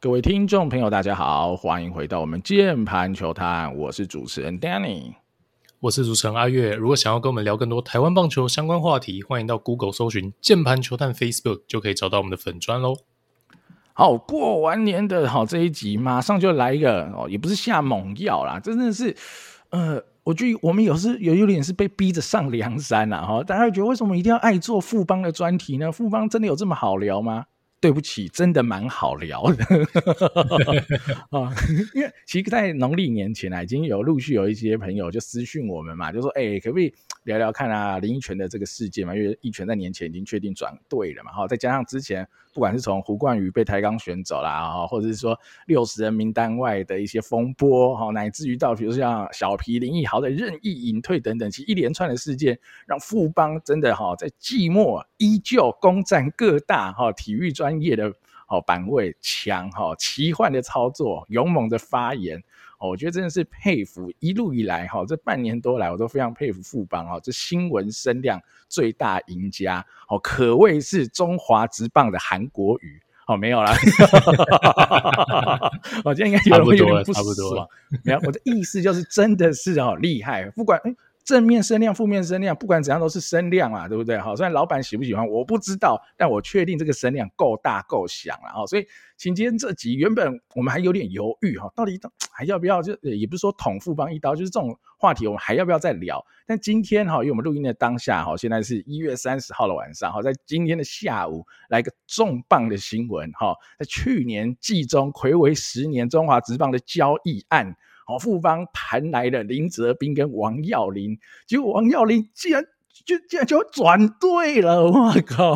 各位聽眾朋友，大家好，歡迎回到我們鍵盤球探，我是主持人 Danny，我是主持人阿月。如果想要跟我們聊更多台灣棒球相關話題，歡迎到 Google 搜尋鍵，鍵盤球探 Facebook 就可以找到我們的粉專嘍。好，過完年的好、哦、這一集馬上就來一個哦，也不是下猛藥啦，真的是，呃，我覺得我們有時有一點是被逼着上梁山了、啊、哈、哦。大家覺得為什麼一定要愛做富邦的專題呢？富邦真的有這麼好聊嗎？對不起，真的蠻好聊的 因為其實，在農曆年前，啊，已經有陸續有一些朋友就私訊我們嘛，就說，哎、欸，可不可以聊聊看啊林益全的這個世界嘛，因為益全在年前已經確定轉隊了嘛，哈，再加上之前。不管是從胡冠宇被台鋼選走啦，或者是說六十人名單外的一些風波，哈，乃至於到比如像小皮林奕豪的任意隱退等等，其一連串的事件，讓富邦真的哈在季末依舊攻佔各大哈體育專業的哈版位，強哈奇幻的操作，勇猛的發言。哦，我覺得真的是佩服一路以來哈、哦，這半年多來，我都非常佩服富邦哈、哦，這新聞聲量最大贏家，哦、可謂是中華職棒的韓國語，好、哦、沒有啦，我覺得應該有人會有不差不多了，差不多吧，沒有，我的意思就是真的是好厲害，不管、嗯正面聲量，負面聲量，不管怎樣都是聲量啊，對不對？哈，雖然老闆喜不喜歡我不知道，但我確定這個聲量夠大夠響了啊、哦。所以，今天這集原本我們還有點猶豫哈、哦，到底還要不要就也不是說捅富邦一刀，就是這種話題我們還要不要再聊？但今天哈、哦，因為我們錄音的當下哈、哦，現在是一月三十號的晚上哈、哦，在今天的下午來個重磅的新聞哈，在去年季中暌違十年中華職棒的交易案。哦，富邦盤來了，林澤彬跟王耀霖，結果王耀霖竟，竟然就竟然就轉隊了，我靠！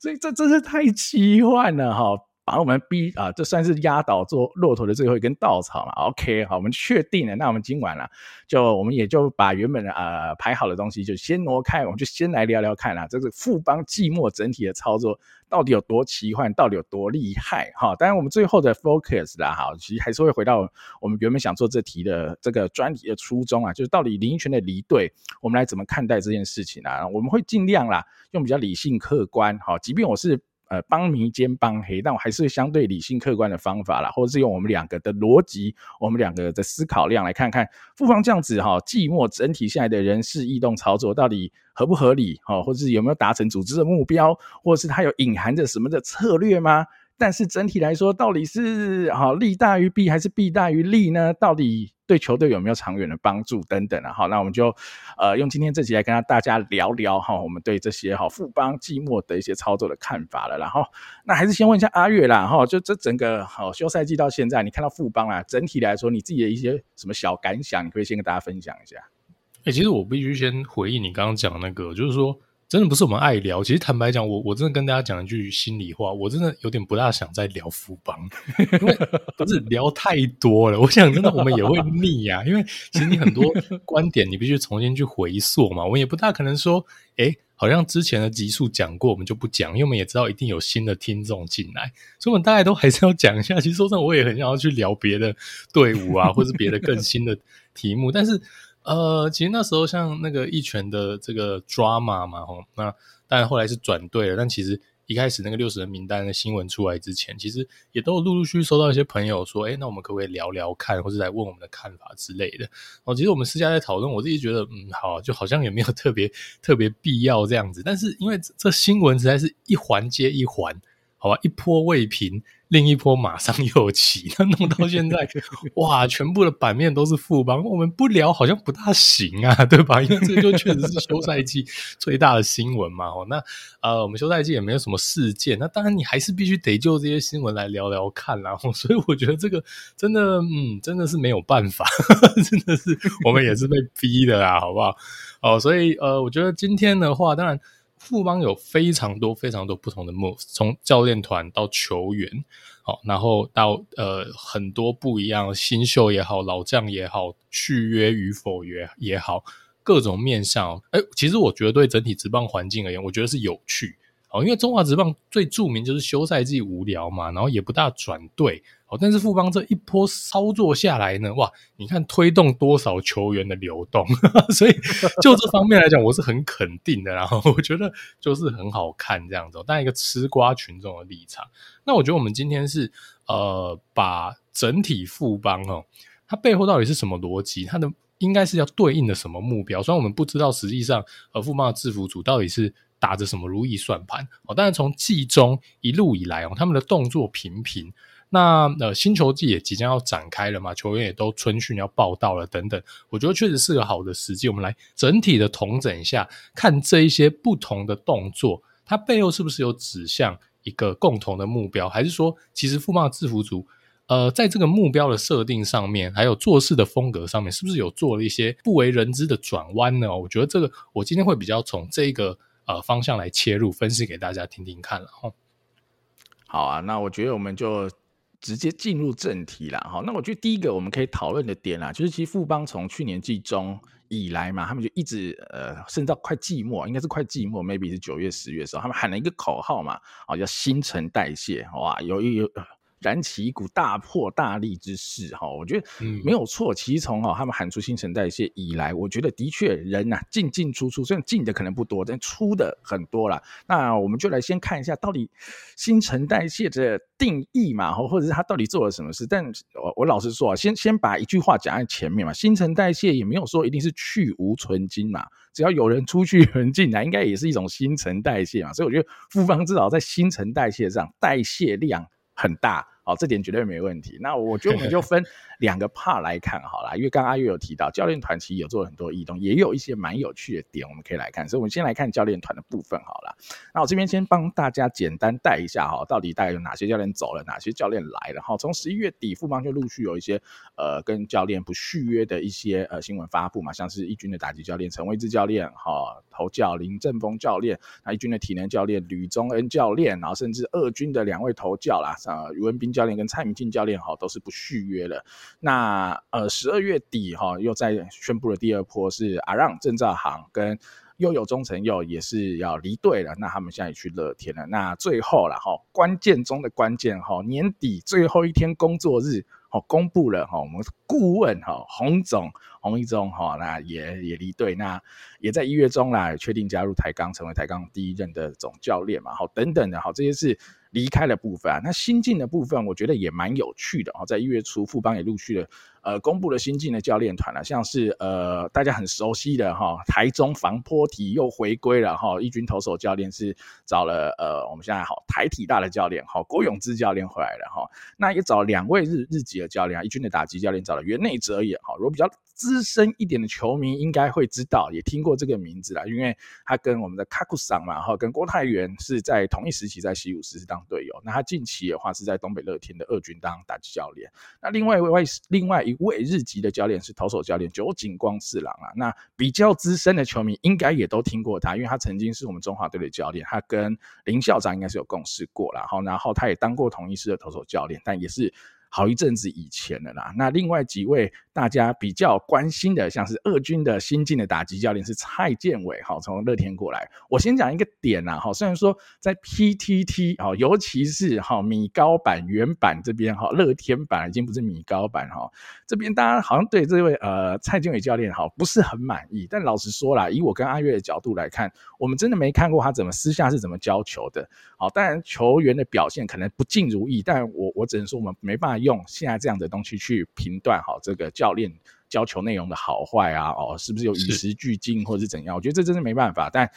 所以這真是太奇幻了，哈。把我們逼啊，這算是壓倒做駱駝的最後一根稻草嘛？OK，好，我們確定了，那我們今晚啊，就我們也就把原本的呃排好的東西就先挪開，我們就先來聊聊看啊，這個富邦寂寞整體的操作到底有多奇幻，到底有多厲害哈？當然，我們最後的 focus 啦，哈，其實還是會回到我們,我們原本想做這題的這個專題的初衷啊，就是到底林益全的離隊，我們來怎麼看待這件事情啊？我們會盡量啦，用比較理性客觀哈，即便我是。呃，邦迷兼邦黑，但我還是相對理性客觀的方法啦，或者是用我們兩個的邏輯，我們兩個的思考量來看看富邦這樣子哈，寂寞整體下來的人事異動操作到底合不合理哈，或者是有沒有達成組織的目標，或者是它有隱含着什麼的策略嗎？但是整體來說，到底是好利大於弊，還是弊大於利呢？到底？對球隊有沒有長遠的幫助等等、啊，然後那我們就，呃，用今天這集來跟大家聊聊哈、哦，我們對這些哈、哦、富邦季末的一些操作的看法了。然後那還是先問一下阿月啦哈、哦，就這整個好、哦、休賽季到現在，你看到富邦啦，整體來說，你自己的一些什麼小感想，你可以先跟大家分享一下。哎、欸，其實我必須先回憶你剛剛講那個，就是說。真的不是我們愛聊，其實坦白講，我我真的跟大家講一句心裡話，我真的有點不大想再聊富邦，因為不是聊太多了。 我想真的我們也會膩呀、啊，因為其實你很多觀點你必須重新去回溯嘛， 我們也不大可能說，哎、欸，好像之前的集數講過，我們就不講，因為我們也知道一定有新的聽眾進來，所以我們大概都還是要講一下。其實說真的，我也很想要去聊別的隊伍啊，或者是別的更新的題目， 但是。呃，其實那時候像那個一拳的這個 drama 嘛，吼，那當然後來是轉對了，但其實一開始那個六十人名單的新聞出來之前，其實也都陸陸續續收到一些朋友說，哎、欸，那我們可不可以聊聊看，或是來問我們的看法之類的。其實我們私下在討論，我自己覺得，嗯，好，就好像也沒有特別特別必要這樣子，但是因為這新聞實在是一環接一環，好吧，一波未平。另一波馬上又起，那弄到現在，哇，全部的版面都是富邦， 我們不聊好像不大行啊，對吧？因為 這就確實是休賽季最大的新聞嘛。哦，那呃，我們休賽季也沒有什麼事件，那當然你還是必須得就這些新聞來聊聊看啦，然後所以我覺得這個真的，嗯，真的是沒有辦法， 真的是我們也是被逼的啦。 好不好？哦，所以呃，我覺得今天的話，當然。富邦有非常多非常多不同的 moves，從教練團到球員，哦，然後到呃很多不一樣新秀也好，老將也好，續約與否也也好，各種面向，哎，其實我覺得對整體職棒環境而言，我覺得是有趣。哦，因為中華職棒最著名就是休賽季無聊嘛，然後也不大轉隊。哦，但是富邦這一波操作下來呢，哇，你看推動多少球員的流動， 所以就這方面來講，我是很肯定的。然後我覺得就是很好看這樣子，但一個吃瓜群眾的立場，那我覺得我們今天是呃，把整體富邦哦，它，背後到底是什麼邏輯？它的應該是要對應的什麼目標？雖然我們不知道，實際上呃，富邦的制服組到底是。打着什麼如意算盤哦？當然，從季中一路以來哦，他們的動作頻頻。那呃，新球季也即將要展開了嘛，球員也都春訓要報到了等等。我覺得確實是個好的時機，我們來整體的統整一下，看這一些不同的動作，它背後是不是有指向一個共同的目標？還是說，其實富邦制服組呃，在這個目標的設定上面，還有做事的風格上面，是不是有做了一些不為人知的轉彎呢？我覺得這個，我今天會比較從這個。呃，方向來切入分析給大家聽聽看，了齁。好啊，那我覺得我們就直接進入正題了哈。那我覺得第一個我們可以討論的點啦，就是其實富邦從去年季中以來嘛，他們就一直呃，甚至到快季末，應該是快季末，maybe 是九月十月的時候，他們喊了一個口號嘛，啊，叫新陳代謝哇，由於燃起一股大破大立之勢，哈，我覺得沒有錯。其實從哈他們喊出新陳代謝以來，嗯、我覺得的確人吶進進出出，雖然進的可能不多，但出的很多了。那我們就來先看一下到底新陳代謝的定義嘛，哈，或者是他到底做了什麼事。但我我老實說啊，先先把一句話講在前面嘛，新陳代謝也沒有說一定是去蕪存菁嘛，只要有人出去有人進來，應該也是一種新陳代謝嘛。所以我覺得富邦至少在新陳代謝上代謝量很大。好，這點絕對沒問題。那我覺得我們就分兩個 part 來看好了， 因為剛剛阿月有提到教練團其實有做了很多異動，也有一些蠻有趣的點，我們可以來看。所以我們先來看教練團的部分好了。那我這邊先幫大家簡單帶一下哈，到底帶有哪些教練走了，哪些教練來了。哈，從十一月底，富邦就陸續有一些呃跟教練不續約的一些呃新聞發布嘛，像是一軍的打擊教練陳威志教練哈、投教林振峰教練，那一軍的體能教練呂宗恩教練，然後甚至二軍的兩位投教啦，啊，於文斌教。教練跟蔡明晉教練哈都是不續約了。那呃十二月底哈又再宣布了第二波，是阿讓鄭兆行跟又有中誠又也是要離隊了。那他們現在也去樂天了。那最後了哈，關鍵中的關鍵哈年底最後一天工作日公布了哈，我們顧問哈洪總洪一中哈，那也也離隊，那也在一月中啦確定加入台鋼，成為台鋼第一任的總教練嘛等等的。好這些是。離開了部分啊，那新進的部分，我覺得也蠻有趣的哦，在一月初，富邦也陸續的。呃，公布了新進的教練團了，像是呃，大家很熟悉的哈，台中防波堤又回歸了哈，一軍投手教練是找了呃，我們現在好台體大的教練哈，郭勇志教練回來了哈，那也找了兩位日日籍的教練，一軍的打擊教練找了垣內哲也好，如果比較資深一點的球迷應該會知道，也聽過這個名字啦，因為他跟我們的卡庫桑嘛哈，跟郭泰源是在同一時期在西武時是當隊友，那他近期的話是在東北樂天的二軍當打擊教練，那另外一位另外一。一位日籍的教練是投手教練酒井光次郎啊，那比較資深的球迷應該也都聽過他，因為他曾經是我們中華隊的教練，他跟林校長應該是有共事過了，然後，然後他也當過同一師的投手教練，但也是好一陣子以前的啦。那另外幾位。大家比較關心的，像是二軍的新進的打擊教練是蔡建偉，好，從樂天過來。我先講一個點吶，好，雖然說在 PTT，好，尤其是好米高版、原版這邊，哈，樂天版已經不是米高版，哈，這邊大家好像對這位呃蔡建偉教練，哈，不是很滿意。但老實說了，以我跟阿月的角度來看，我們真的沒看過他怎麼私下是怎麼教球的，好，當然球員的表現可能不盡如意，但我我只能說，我們沒辦法用現在這樣的東西去評斷，好，這個教。教練教球內容的好壞啊，哦，是不是有與時俱進，或者是怎樣？我覺得這真是沒辦法，但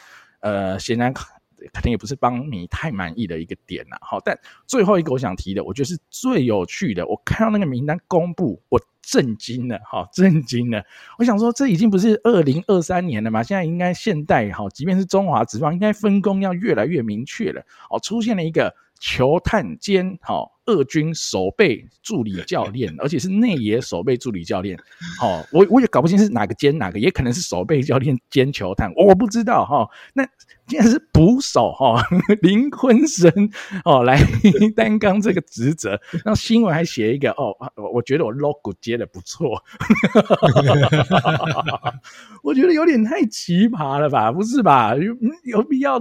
呃，顯然肯定也不是幫你太滿意的一個點了。好，但最後一個我想提的，我覺得是最有趣的。我看到那個名單公布，我震驚了，好，震驚了。我想說，這已經不是二零二三年了嘛？現在應該現代。好，即便是中華職棒，應該分工要越來越明確了。哦，出現了一個球探兼，好。二軍守備助理教練，而且是內野守備助理教練。 哦，我我也搞不清是哪個兼哪個，也可能是守備教練兼球探，我不知道哈、哦。那竟然是捕手哈、哦、林坤生哦來擔綱這個職責。那 新聞還寫一個哦，我覺得我 logo 接的不錯， 我覺得有點太奇葩了吧？不是吧？有有必要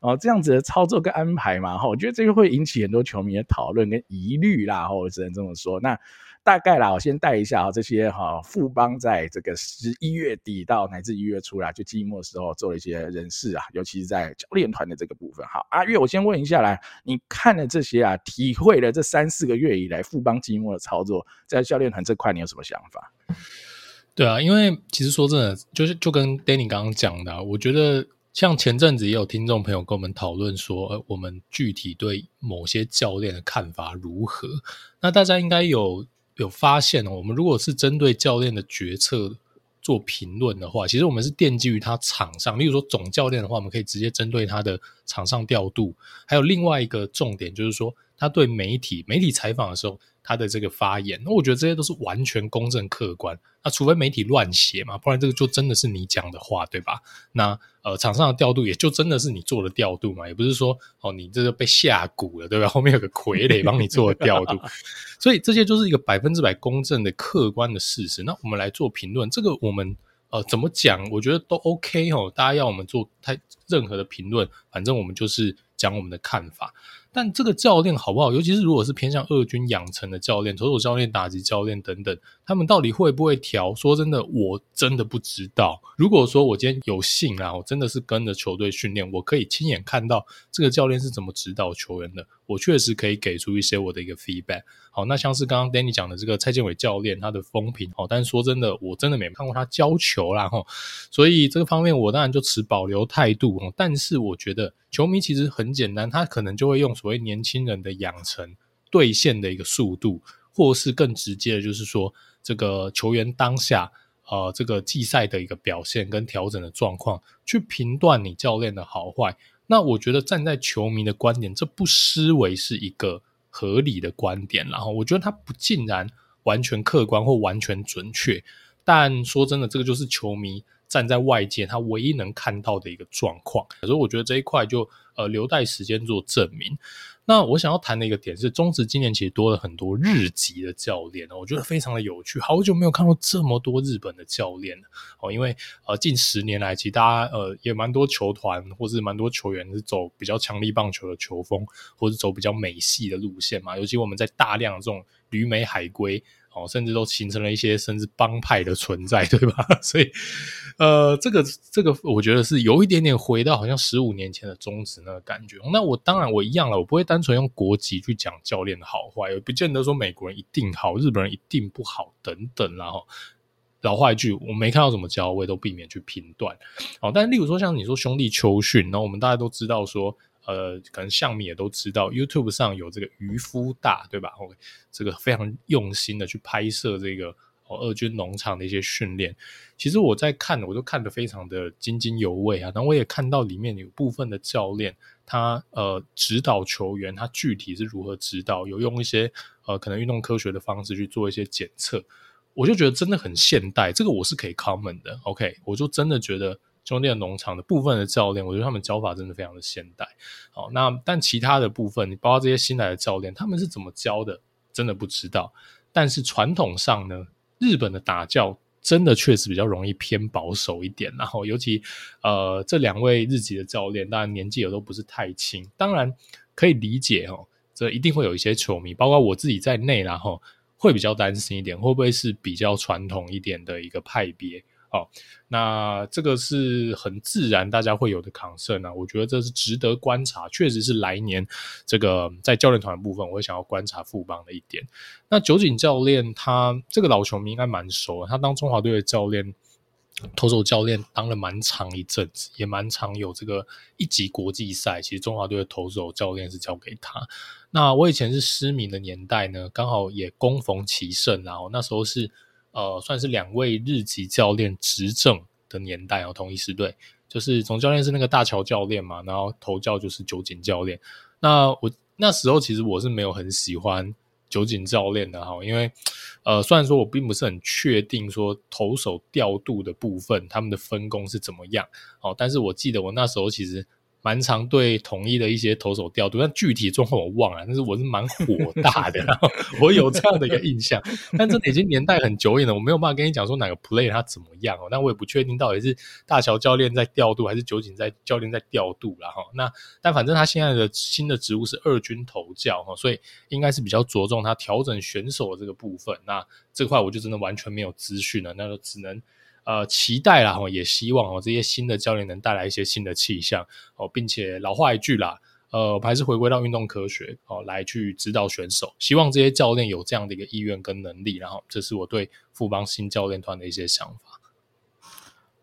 哦這樣子的操作跟安排嘛？哦、我覺得這個會引起很多球迷，也討論跟疑慮啦，我只能這麼說。那大概啦，我先帶一下啊，這些哈，富邦在這個十一月底到乃至一月初啦，就季末的時候做了一些人事啊，尤其是在教練團的這個部分。好，阿月，我先問一下來，你看了這些啊，體會了這三四個月以來富邦季末的操作，在教練團這塊，你有什麼想法？對啊，因為其實說真的，就是就跟 Danny 剛剛講的啊，我覺得。像前陣子也有聽眾朋友跟我們討論說，呃，我們具體對某些教練的看法如何？那大家應該有有發現哦，我們如果是針對教練的決策做評論的話，其實我們是奠基於他場上，例如說總教練的話，我們可以直接針對他的場上調度。還有另外一個重點就是說。他對媒體媒體採訪的時候，他的這個發言，那我覺得這些都是完全公正客觀。那除非媒體亂寫嘛，不然這個就真的是你講的話，對吧？那呃場上的調度也就真的是你做的調度嘛，也不是說哦你這個被下蠱了，對吧？後面有個傀儡幫你做的調度， 所以這些就是一個百分之百公正的客觀的事實。那我們來做評論，這個我們呃怎麼講？我覺得都 OK 哦。大家要我們做太任何的評論，反正我們就是。講我們的看法，但這個教練好不好？尤其是如果是偏向二軍養成的教練，投手教練、打擊教練等等，他們到底會不會調？說真的，我真的不知道。如果說我今天有幸啊，我真的是跟着球隊訓練，我可以親眼看到這個教練是怎麼指導球員的，我確實可以給出一些我的一個 feedback。好，那像是剛剛 Danny 講的這個蔡建偉教練，他的風評好，但是說真的，我真的沒看過他教球啦吼，所以這個方面我當然就持保留態度。但是我覺得。球迷其實很簡單，他可能就會用所謂年輕人的養成兌現的一個速度，或是更直接的，就是說這個球員當下呃這個季賽的一個表現跟調整的狀況，去評斷你教練的好壞。那我覺得站在球迷的觀點，這不失為是一個合理的觀點。然後我覺得他不盡然完全客觀或完全準確，但說真的，這個就是球迷。站在外界，他唯一能看到的一個狀況，所以我覺得這一塊就呃留待時間做證明。那我想要談的一個點是，中職今年其實多了很多日籍的教練，我覺得非常的有趣。好久沒有看到這麼多日本的教練了哦，因為呃近十年來其實大家呃也蠻多球團或是蠻多球員是走比較強力棒球的球風，或是走比較美系的路線嘛。尤其我們在大量的這種旅美海歸。哦，甚至都形成了一些甚至幫派的存在，對吧？所以，呃，這個這個，我覺得是有一點點回到好像十五年前的宗旨那個感覺。那我當然我一樣了，我不會單純用國籍去講教練的好壞，也不見得說美國人一定好，日本人一定不好等等然後，老話一句，我沒看到怎麼教，我也都避免去評斷。好，但是例如說像你說兄弟秋訓，然後我們大家都知道說。呃，可能鄉民也都知道，YouTube 上有這個漁夫大，對吧？Okay, 這個非常用心的去拍攝這個、哦、二軍農場的一些訓練。其實我在看，我都看得非常的津津有味啊。然後我也看到裡面有部分的教練，他呃指導球員，他具體是如何指導，有用一些呃可能運動科學的方式去做一些檢測。我就覺得真的很現代，這個我是可以 comment 的。OK，我就真的覺得。中的農場的部分的教練，我覺得他們教法真的非常的現代。好，那但其他的部分，你包括這些新來的教練，他們是怎麼教的？真的不知道。但是傳統上呢，日本的打教真的確實比較容易偏保守一點。然後，尤其呃，這兩位日籍的教練，當然年紀也都不是太輕。當然可以理解哈、哦，這一定會有一些球迷，包括我自己在內，然後會比較擔心一點，會不會是比較傳統一點的一個派別。好、哦，那這個是很自然，大家會有的 concern 啊，我覺得這是值得觀察，確實是來年這個在教練團部分，我會想要觀察富邦的一點。那酒井教練他這個老球迷應該蠻熟，他當中華隊的教練，投手教練當了蠻長一陣子，也蠻常有這個一級國際賽，其實中華隊的投手教練是交給他。那我以前是失明的年代呢，剛好也恭逢其盛、啊，然後那時候是。呃，算是兩位日籍教練執政的年代哦，同一支隊，就是總教練是那個大橋教練嘛，然後投教就是酒井教練。那我那時候其實我是沒有很喜歡酒井教練的哈、哦，因為呃，雖然說我並不是很確定說投手調度的部分他們的分工是怎麼樣哦，但是我記得我那時候其實。蠻常對統一的一些投手調度，但具體狀況我忘了，但是我是蠻火大的， 我有這樣的一個印象。 但這已經年代很久遠了，我沒有辦法跟你講說哪個 player 他怎麼樣哦。那我也不確定到底是大橋教練在調度，還是酒井在教練在調度然哈。那但反正他現在的新的職務是二軍投教哈，所以應該是比較着重他調整選手的這個部分。那這塊我就真的完全沒有資訊了，那就只能。呃，期待啦，吼，也希望哦，這些新的教練能帶來一些新的氣象哦，並且老話一句啦，呃，我們還是回歸到運動科學哦，來去指導選手，希望這些教練有這樣的一個意願跟能力，然後，這是我對富邦新教練團的一些想法。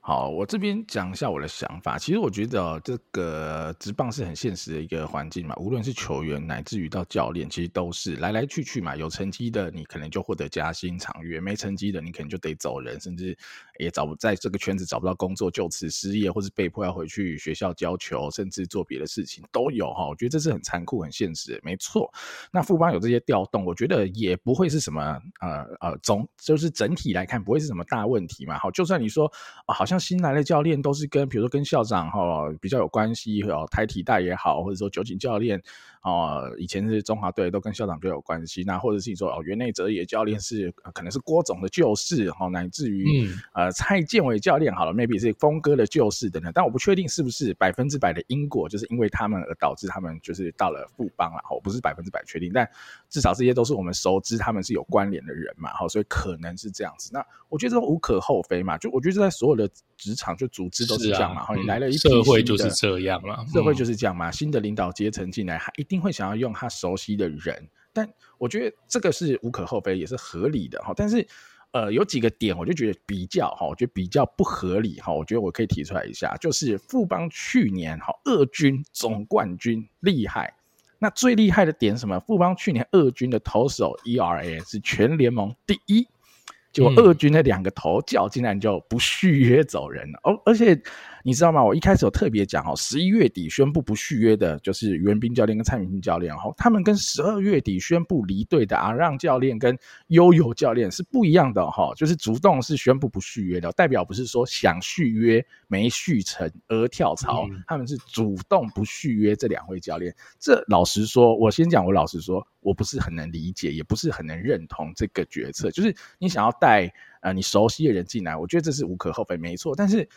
好，我這邊講一下我的想法。其實我覺得這個職棒是很現實的一個環境嘛，無論是球員乃至於到教練，其實都是來來去去嘛。有成績的，你可能就獲得加薪、長約；沒成績的，你可能就得走人，甚至也找不在這個圈子找不到工作，就此失業，或是被迫要回去學校教球，甚至做別的事情都有哈。我覺得這是很殘酷、很現實的，沒錯。那富邦有這些調動，我覺得也不會是什麼呃呃，總就是整體來看不會是什麼大問題嘛。好，就算你說，哦，好像。像新來的教練都是跟，比如說跟校長哈比較有關係哦，台體帶也好，或者說酒井教練。哦，以前是中華隊都跟校長隊有關係，那或者是你說哦，園內哲也教練是，呃、可能是郭總的舊識，吼，哦，乃至於，嗯、呃蔡建偉教練好 Maybe 了，maybe 是峰哥的舊識等等，但我不確定是不是百分之百的因果，就是因為他們而導致他們就是到了富邦了，吼，不是百分之百確定，但至少這些都是我們熟知他們是有關聯的人嘛，好，哦，所以可能是這樣子。那我覺得這種無可厚非嘛，就我覺得這在所有的。職場就組織都是這樣嘛，哈，你來了一批新的，社會就是這樣嘛，社會就是這樣嘛，新的領導階層進來，他一定會想要用他熟悉的人，但我覺得這個是無可厚非，也是合理的，哈，但是，呃，有幾個點我就覺得比較，哈，我覺得比較不合理，哈，我覺得我可以提出來一下，就是富邦去年，哈，二軍總冠軍厲害，那最厲害的點什麼？富邦去年二軍的投手 ERA 是全聯盟第一。就二軍那兩個頭教竟然就不續約走人了，嗯哦，而而且。你知道嗎？我一開始有特別講哦，十一月底宣布不續約的，就是袁彬教練跟蔡明欽教練，他們跟十二月底宣布離隊的阿讓教練跟悠悠教練是不一樣的哈，就是主動是宣布不續約的，代表不是說想續約沒續成而跳槽，他們是主動不續約這兩位教練。這老實說，我先講，我老實說，我不是很能理解，也不是很能認同這個決策。就是你想要帶呃你熟悉的人進來，我覺得這是無可厚非，沒錯，但是。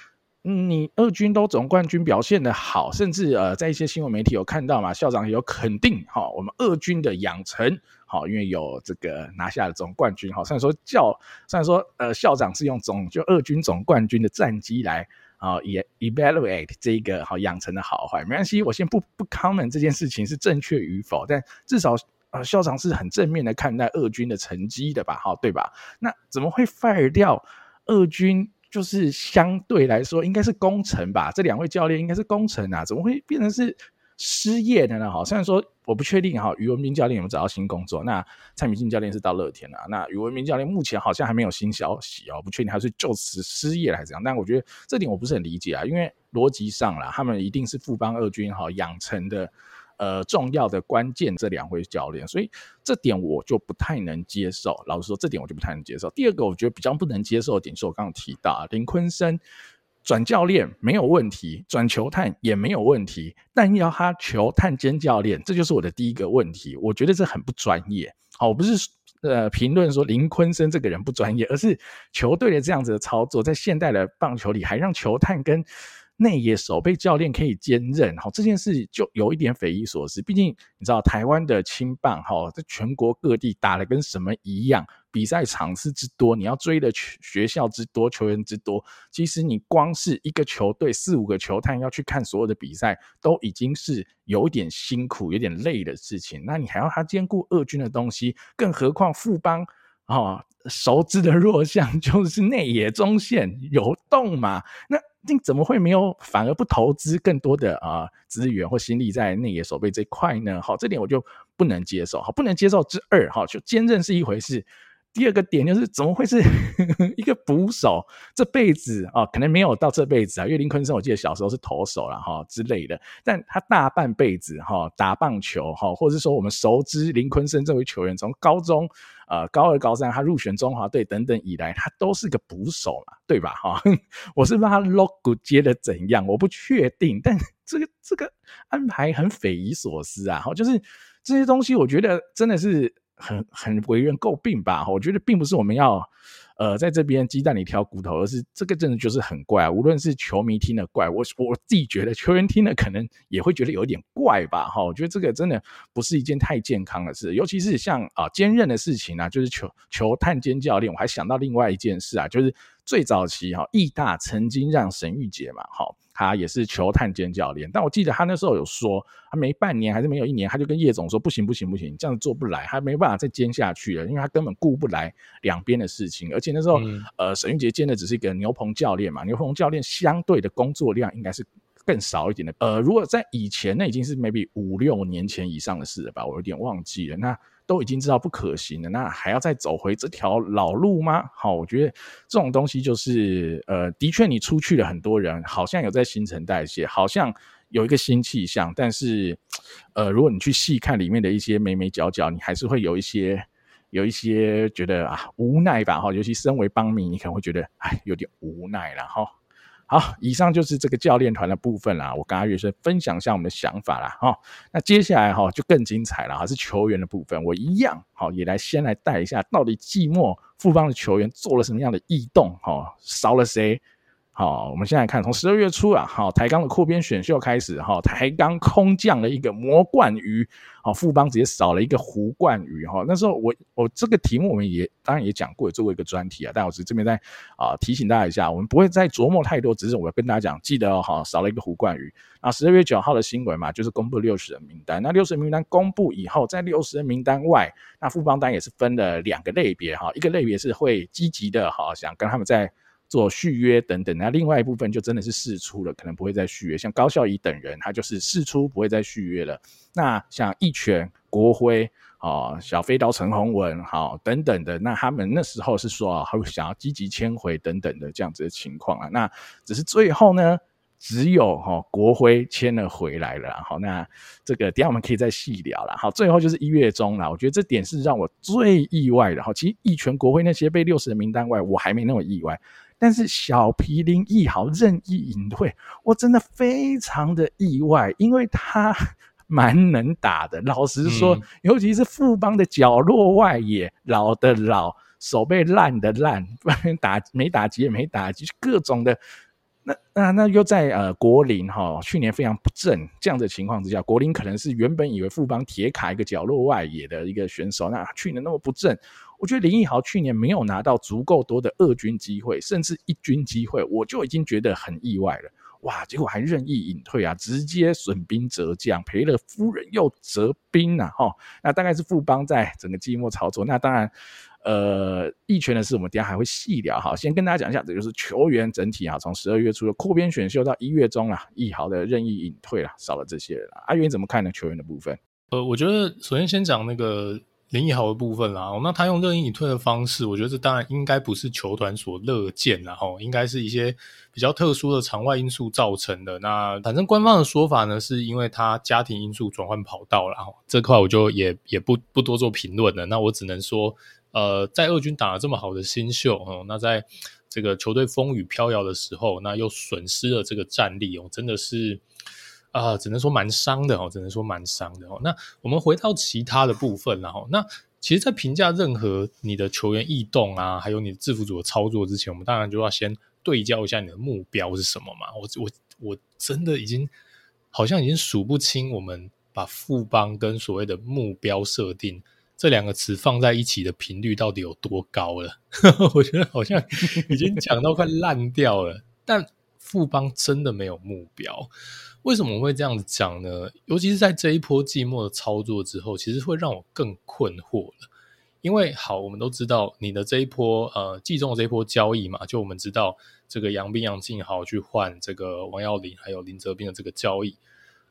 嗯、你二軍都總冠軍表現得好，甚至呃，在一些新聞媒體有看到嘛，校長也有肯定哈、哦，我們二軍的養成好、哦，因為有這個拿下了總冠軍好，雖、哦、然說教，雖然說呃，校長是用總就二軍總冠軍的戰績來啊，也、哦、evaluate 這個好養、哦、成的好壞，沒關係，我先不不 comment 這件事情是正確與否，但至少呃，校長是很正面的看待二軍的成績的吧，好、哦、對吧？那怎麼會 fire 掉二軍？就是相對來說應該是功臣吧，這兩位教練應該是功臣啊，怎麼會變成是失業的呢？好，雖然說我不確定哈，俞文斌教練有沒有找到新工作？那蔡明信教練是到樂天了，那俞文斌教練目前好像還沒有新消息哦，不確定他是就此失業還是怎樣？但我覺得這點我不是很理解啊，因為邏輯上啦，他們一定是富邦二軍哈養成的。呃，重要的關鍵這兩位教練，所以這點我就不太能接受。老實說，這點我就不太能接受。第二個，我覺得比較不能接受的點，是我剛剛提到啊，林坤生轉教練沒有問題，轉球探也沒有問題，但要他球探兼教練，這就是我的第一個問題。我覺得這很不專業。好，我不是呃評論說林坤生這個人不專業，而是球隊的這樣子的操作，在現代的棒球裡，還讓球探跟。內野守備教練可以兼任，哈，這件事就有一點匪夷所思。畢竟你知道台灣的青棒，哈，在全國各地打得跟什麼一樣，比賽場次之多，你要追的學校之多，球員之多，其實你光是一個球隊四五個球探要去看所有的比賽，都已經是有點辛苦，有點累的事情。那你還要他兼顧二軍的東西，更何況富邦，哈、哦，熟知的弱項就是內野中線有洞嘛，那。你怎麼會沒有反而不投資更多的啊資源或心力在內野守備這塊呢？好，這點我就不能接受。好，不能接受之二哈，就堅韌是一回事。第二個點就是，怎麼會是一個捕手這輩子哦、啊，可能沒有到這輩子啊。因為林坤生，我記得小時候是投手了哈之類的，但他大半輩子哈、啊、打棒球哈、啊，或者是說我們熟知林坤生這位球員，從高中呃高二、高三他入選中華隊等等以來，他都是個捕手嘛，對吧？哈，我是不知道他 logo 接的怎樣，我不確定，但這個這個安排很匪夷所思啊！哈，就是這些東西，我覺得真的是。很很為人詬病吧？我覺得並不是我們要，呃，在這邊雞蛋裡挑骨頭，而是這個真的就是很怪，啊、無論是球迷聽的怪，我我自己覺得球員聽的可能也會覺得有點怪吧。哈，我覺得這個真的不是一件太健康的事，尤其是像啊、呃、兼任的事情啊，就是球球探兼教練。我還想到另外一件事啊，就是最早期哈、啊，義大曾經讓沈玉杰嘛，哈。他也是球探兼教練，但我記得他那時候有說，他沒半年還是沒有一年，他就跟葉總說，不行不行不行，這樣子做不來，他沒辦法再兼下去了，因為他根本顧不來兩邊的事情，而且那時候，嗯、呃，沈雲杰兼的只是一個牛棚教練嘛，牛棚教練相對的工作量應該是更少一點的，呃，如果在以前，那已經是 maybe 五六年前以上的事了吧，我有點忘記了。那都已經知道不可行了，那還要再走回這條老路嗎？好、哦，我覺得這種東西就是，呃，的確你出去了很多人，好像有在新陳代謝，好像有一個新氣象，但是，呃，如果你去細看裡面的一些美美角角，你還是會有一些有一些覺得啊無奈吧，哈，尤其身為邦迷，你可能會覺得哎有點無奈啦，哈、哦。好，以上就是這個教練團的部分啦，我剛剛也跟阿月分享一下我們的想法啦，哈、哦，那接下來哈、哦、就更精彩了，還是球員的部分，我一樣好、哦、也來先來帶一下，到底季末富邦的球員做了什麼樣的異動哈，少、哦、了誰？好，我們現在看從十二月初啊，好，台鋼的擴編選秀開始，哈，台鋼空降了一個魔冠魚，好，富邦直接少了一個胡冠俞，哈，那時候我我這個題目我們也當然也講過也做過一個專題啊，但我是這邊在啊提醒大家一下，我們不會再琢磨太多，只是我要跟大家講，記得哦，哈，少了一個胡冠俞，那十二月九號的新聞嘛，就是公布六十人名單，那六十人名單公布以後，在六十人名單外，那富邦單也是分了兩個類別，哈，一個類別是會積極的哈，想跟他們在。做續約等等，那另外一部分就真的是釋出了，可能不會再續約。像高孝儀等人，他就是釋出，不會再續約了。那像一拳國輝、小飛刀陳鴻文等等的，那他們那時候是說啊，會想要積極簽回等等的這樣子的情況啊。那只是最後呢，只有哈國輝簽了回來了。好，那這個底下我們可以再細聊了。好，最後就是一月中了，我覺得這點是讓我最意外的。其實一拳國輝那些被六十人名單外，我還沒那麼意外。但是小皮林易豪任意引退，我真的非常的意外，因為他蠻能打的。老實說，嗯、尤其是富邦的角落外野，老的老，手背爛的爛，外面打沒打擊也沒打擊，各種的。那那那又在呃國麟哈、哦，去年非常不正這樣的情況之下，國麟可能是原本以為富邦鐵卡一個角落外野的一個選手，那去年那麼不正。我覺得林易豪去年沒有拿到足夠多的二軍機會，甚至一軍機會，我就已經覺得很意外了。哇，結果還任意引退啊，直接損兵折將，賠了夫人又折兵啊。哈。那大概是富邦在整個季末操作。那當然，呃，益全的事我們等下還會細聊哈。先跟大家講一下，這就是球員整體啊，從十二月初的擴編選秀到一月中啊，易豪的任意引退啊，少了這些人、啊。阿、啊、雲怎麼看呢？球員的部分？呃，我覺得首先先講那個。林易豪的部分啦，那他用任意引退的方式，我覺得這當然應該不是球團所樂見的哈，應該是一些比較特殊的場外因素造成的。那反正官方的說法呢，是因為他家庭因素轉換跑道了，這塊我就也也不不多做評論了。那我只能說，呃，在二軍打了這麼好的新秀，那在這個球隊風雨飄搖的時候，那又損失了這個戰力哦，真的是。啊、呃，只能說蠻傷的哦，只能說蠻傷的哦。那我們回到其他的部分了，然後那其實，在評價任何你的球員異動啊，還有你的制服組的操作之前，我們當然就要先對焦一下你的目標是什麼嘛。我我我真的已經好像已經數不清，我們把富邦跟所謂的目標設定這兩個詞放在一起的頻率到底有多高了。 我覺得好像已經講到快爛掉了， 但。富邦真的沒有目標，為什麼我會這樣子講呢？尤其是在這一波寂寞的操作之後，其實會讓我更困惑了。因為好，我們都知道你的這一波呃，季中的這一波交易嘛，就我們知道這個楊斌楊晉豪去換這個王耀麟還有林哲斌的這個交易，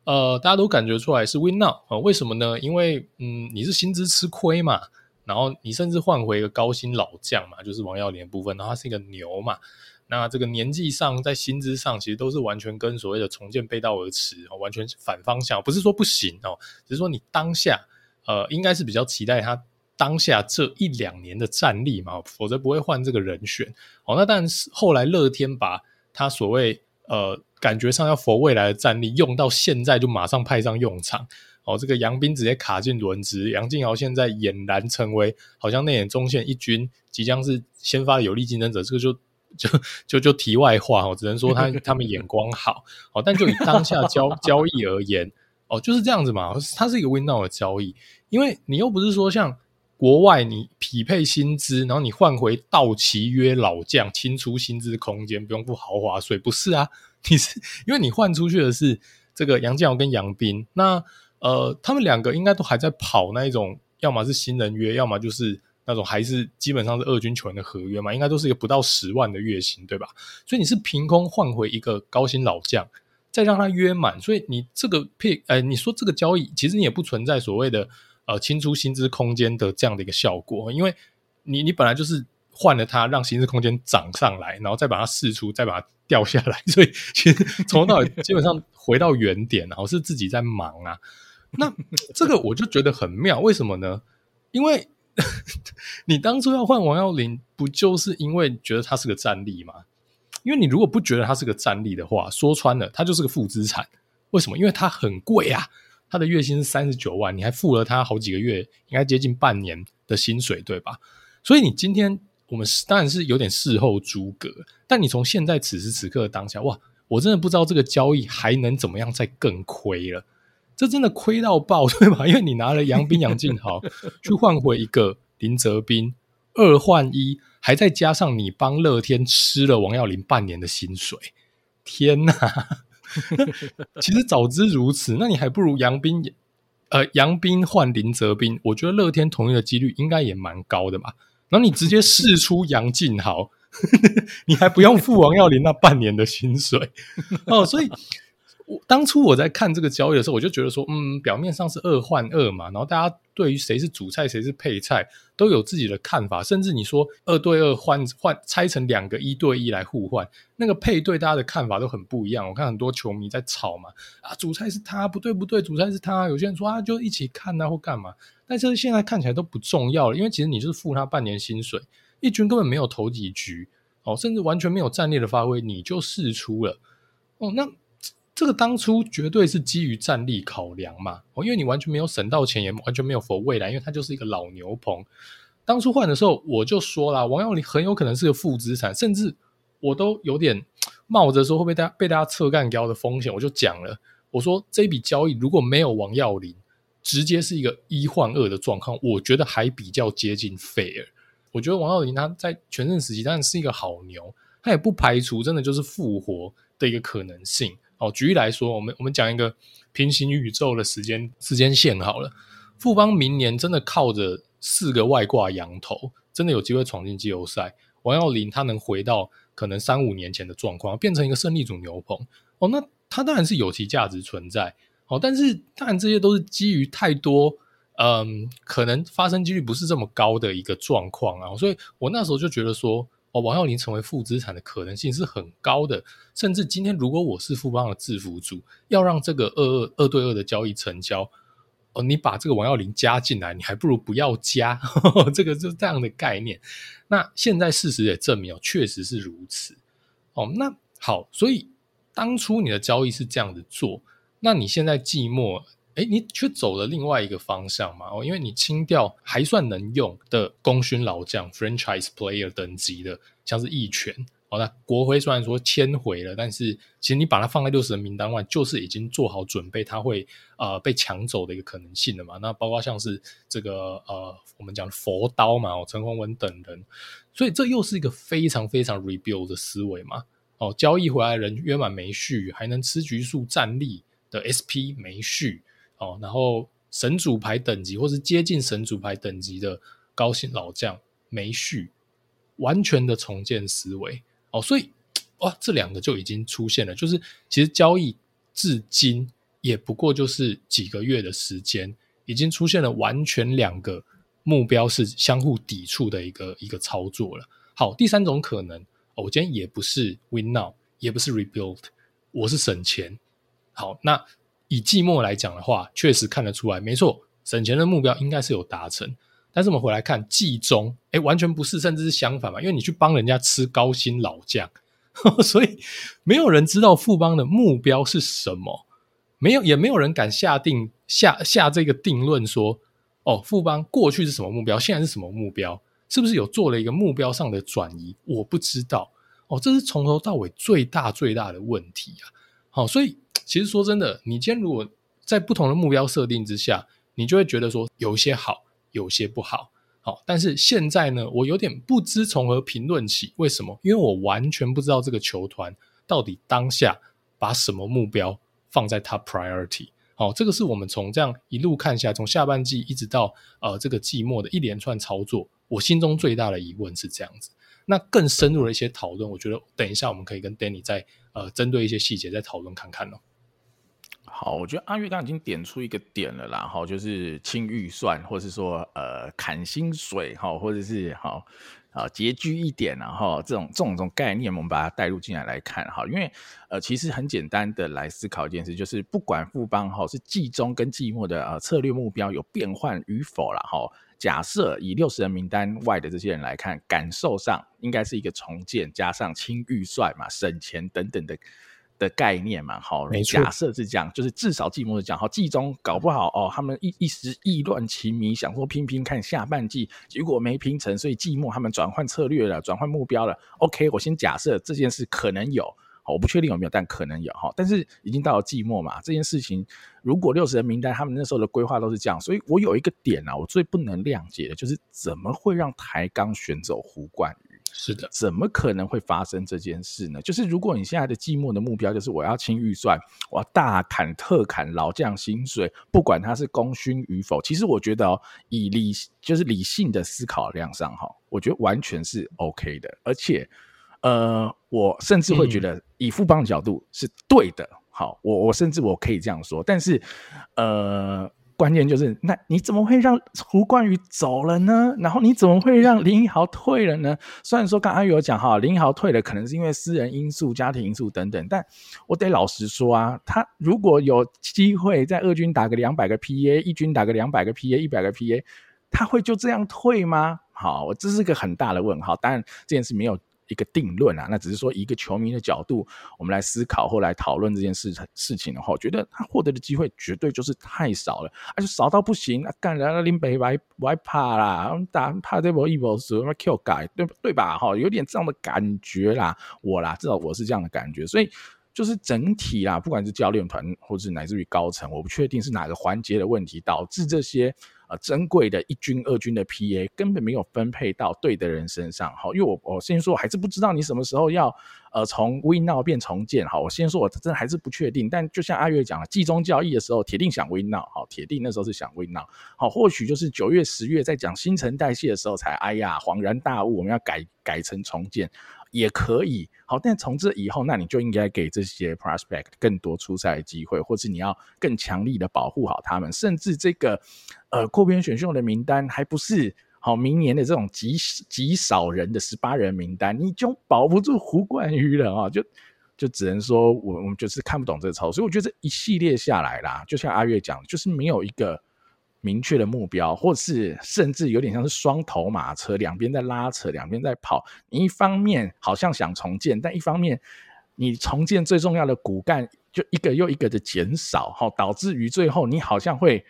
呃，大家都感覺出來是 winner、呃、為什麼呢？因為嗯，你是薪資吃虧嘛，然後你甚至換回一個高薪老將嘛，就是王耀麟的部分，然後他是一個牛嘛。啊，這個年紀上，在薪資上，其實都是完全跟所謂的重建背道而馳哦，完全反方向。不是說不行哦，只是說你當下呃，應該是比較期待他當下這一兩年的戰力嘛，否則不會換這個人選哦。那但是後來樂天把他所謂呃，感覺上要佛未來的戰力用到現在，就馬上派上用場哦。這個楊斌直接卡進輪值，楊敬堯現在儼然成為好像內野中線一軍，即將是先發有力競爭者，這個就。就就就題外話，我只能說他他們眼光好好， 但就以當下交 交易而言哦，就是這樣子嘛，它是一個 win now 的交易，因為你又不是說像國外你匹配薪資，然後你換回到期約老將清出薪資空間，不用付豪華稅，不是啊？你是因為你換出去的是這個楊建豪跟楊斌，那呃，他們兩個應該都還在跑那一種，要麼是新人約，要麼就是。那種還是基本上是二軍球員的合約嘛，應該都是一個不到十萬的月薪，對吧？所以你是憑空換回一個高薪老將，再讓他約滿，所以你這個 pick，呃、哎，你說這個交易其實你也不存在所謂的呃清出薪資空間的這樣的一個效果，因為你你本來就是換了他，讓薪資空間漲上來，然後再把它釋出，再把它掉下來，所以其實從頭到尾 基本上回到原點、啊，然後是自己在忙啊。那這個我就覺得很妙，為什麼呢？因為 你當初要換王耀霖，不就是因為覺得他是個戰力嗎？因為你如果不覺得他是個戰力的話，說穿了，他就是個負資產。為什麼？因為他很貴啊，他的月薪是三十九萬，你還付了他好幾個月，應該接近半年的薪水，對吧？所以你今天我們當然是有點事後諸葛，但你從現在此時此刻的當下，哇，我真的不知道這個交易還能怎麼樣再更虧了。這真的虧到爆，對吧？因為你拿了楊斌、楊勁豪去換回一個林澤斌， 二換一，還再加上你幫樂天吃了王耀霖半年的薪水，天哪！ 其實早知如此，那你還不如楊斌，呃，楊斌換林澤斌，我覺得樂天同意的幾率應該也蠻高的嘛。然後你直接釋出楊勁豪， 你還不用付王耀霖那半年的薪水 哦，所以。我當初我在看這個交易的時候，我就覺得說，嗯，表面上是二換二嘛，然後大家對於誰是主菜，誰是配菜，都有自己的看法，甚至你說二對二換換拆成兩個一對一來互換，那個配對大家的看法都很不一樣。我看很多球迷在吵嘛，啊，主菜是他，不對不對，主菜是他，有些人說啊，就一起看啊，或幹嘛，但是現在看起來都不重要了，因為其實你就是付他半年薪水，一軍根本沒有投幾局，哦，甚至完全沒有戰略的發揮，你就釋出了，哦，那。這個當初絕對是基於戰力考量嘛，哦，因為你完全沒有省到錢，也完全沒有否未來，因為它就是一個老牛棚。當初換的時候，我就說了，王耀林很有可能是個負資產，甚至我都有點冒着說會被大家被大家撤乾膠的風險，我就講了，我說這筆交易如果沒有王耀林，直接是一個一換二的狀況，我覺得還比較接近 fair。我覺得王耀林他在全盛時期當然是一個好牛，他也不排除真的就是復活的一個可能性。哦，舉例來說，我們我們講一個平行宇宙的時間時間線好了。富邦明年真的靠着四個外掛洋投，真的有機會闖進季後賽。王耀麟他能回到可能三五年前的狀況，變成一個勝利組牛棚。哦，那他當然是有其價值存在。哦，但是當然這些都是基於太多嗯、呃、可能發生幾率不是這麼高的一個狀況啊。所以我那時候就覺得說。哦，王耀霖成為負資產的可能性是很高的，甚至今天如果我是富邦的制服組，要讓這個二二二對二的交易成交，哦，你把這個王耀霖加進來，你還不如不要加，這個就是這樣的概念。那現在事實也證明確實是如此。哦，那好，所以當初你的交易是這樣子做，那你現在寂寞。哎，你卻走了另外一個方向嘛？哦，因為你清掉還算能用的功勛老將、 franchise player 等級的，像是益全哦。那國輝雖然說簽回了，但是其實你把他放在六十人名單外，就是已經做好準備他會呃被搶走的一個可能性了嘛。那包括像是這個呃我們講佛刀嘛、哦，陳宏文等人，所以這又是一個非常非常 rebuild 的思維嘛。哦，交易回來的人約滿沒續，還能吃局數戰力的 SP 沒續，哦，然後神主牌等級或是接近神主牌等級的高薪老將沒續，完全的重建思維。哦，所以哇，這兩個就已經出現了，就是其實交易至今也不過就是幾個月的時間，已經出現了完全兩個目標是相互抵觸的一個一個操作了。好，第三種可能，哦，我今天也不是 win now，也不是 rebuild，我是省錢。好，那。以季末來講的話，確實看得出來，沒錯，省錢的目標應該是有達成。但是我們回來看季中，誒，完全不是，甚至是相反嘛，因為你去幫人家吃高薪老將，呵呵，所以沒有人知道富邦的目標是什麼，沒有，也沒有人敢下定下下這個定論說，哦，富邦過去是什麼目標，現在是什麼目標，是不是有做了一個目標上的轉移？我不知道，哦，這是從頭到尾最大最大的問題啊！好、哦，所以。其實說真的，你今天如果在不同的目標設定之下，你就會覺得說有一些好，有些不好。好、哦，但是現在呢，我有點不知從何評論起。為什麼？因為我完全不知道這個球團到底當下把什麼目標放在 top priority。好、哦，這個是我們從這樣一路看下來，從下半季一直到呃這個季末的一連串操作，我心中最大的疑問是這樣子。那更深入的一些討論，嗯、我覺得等一下我們可以跟 Danny 再呃針對一些細節再討論看看咯。好，我覺得阿月剛剛已經點出一個點了啦，好，就是清預算或、呃，或者是說呃砍薪水，哈，或者是好。啊，拮據一點、啊，然後這種這種概念，我們把它帶入進來來看哈。因為呃，其實很簡單的來思考一件事，就是不管富邦哈、哦、是季中跟季末的呃策略目標有變換與否了哈、哦，假設以六十人名單外的這些人來看，感受上應該是一個重建加上輕預算嘛，省錢等等的。的概念嘛，好，假設是這樣，沒錯，就是至少季末是這樣。好，季中搞不好哦，他們一一時意亂情迷，想說拼拼看下半季，結果沒拼成，所以季末他們轉換策略了，轉換目標了。OK，我先假設這件事可能有，我不確定有沒有，但可能有哈。但是已經到了季末嘛，這件事情如果六十人名單，他們那時候的規劃都是這樣，所以我有一個點啊，我最不能諒解的就是怎麼會讓台鋼選走胡冠宇是的，怎麼可能會發生這件事呢？就是如果你現在的季末的目標就是我要清預算，我要大砍特砍老將薪水，不管他是功勳與否，其實我覺得以理就是理性的思考量上哈，我覺得完全是 OK 的，而且呃，我甚至會覺得以富邦的角度是對的。好、嗯，我我甚至我可以這樣說，但是呃。關鍵就是，那你怎麼會讓胡冠宇走了呢？然後你怎麼會讓林一豪退了呢？雖然說剛剛有講哈，林一豪退了可能是因為私人因素、家庭因素等等，但我得老實說啊，他如果有機會在二軍打個兩百個 PA，一軍打個兩百個 PA，一百個 PA，他會就這樣退嗎？好，我這是個很大的問號。當然，這件事沒有。一個定論啊，那只是說一個球迷的角度，我們來思考後來討論這件事事情的話，我覺得他獲得的機會絕對就是太少了，而且少到不行啊！幹來了，林北不會不會怕啦，打怕這波一波什麼 Q 改，對，對吧？哈，有點這樣的感覺啦，我啦，至少我是這樣的感覺，所以就是整體啦，不管是教練團，或是乃至於高層，我不確定是哪個環節的問題導致這些。珍貴的一軍、二軍的 PA 根本沒有分配到對的人身上，好，因為我我先說，我還是不知道你什麼時候要呃從 win now 變重建，好，我先說我真的還是不確定。但就像阿月講了，季中交易的時候鐵定想 win now，好，鐵定那時候是想 win now，好，或許就是九月、十月在講新陳代謝的時候才，哎呀，恍然大悟，我們要改改成重建。也可以好，但從這以後，那你就應該給這些 prospect 更多出賽的機會，或是你要更強力的保護好他們，甚至這個呃擴編選秀的名單還不是好、哦，明年的這種極極少人的十八人名單，你就保不住胡冠宇了啊、哦！就就只能說，我我們就是看不懂這個操作，所以我覺得這一系列下來啦，就像阿月講的，就是沒有一個。明確的目標，或是甚至有點像是雙頭馬車，兩邊在拉扯，兩邊在跑。你一方面好像想重建，但一方面你重建最重要的骨幹就一個又一個的減少，哈，導致於最後你好像會。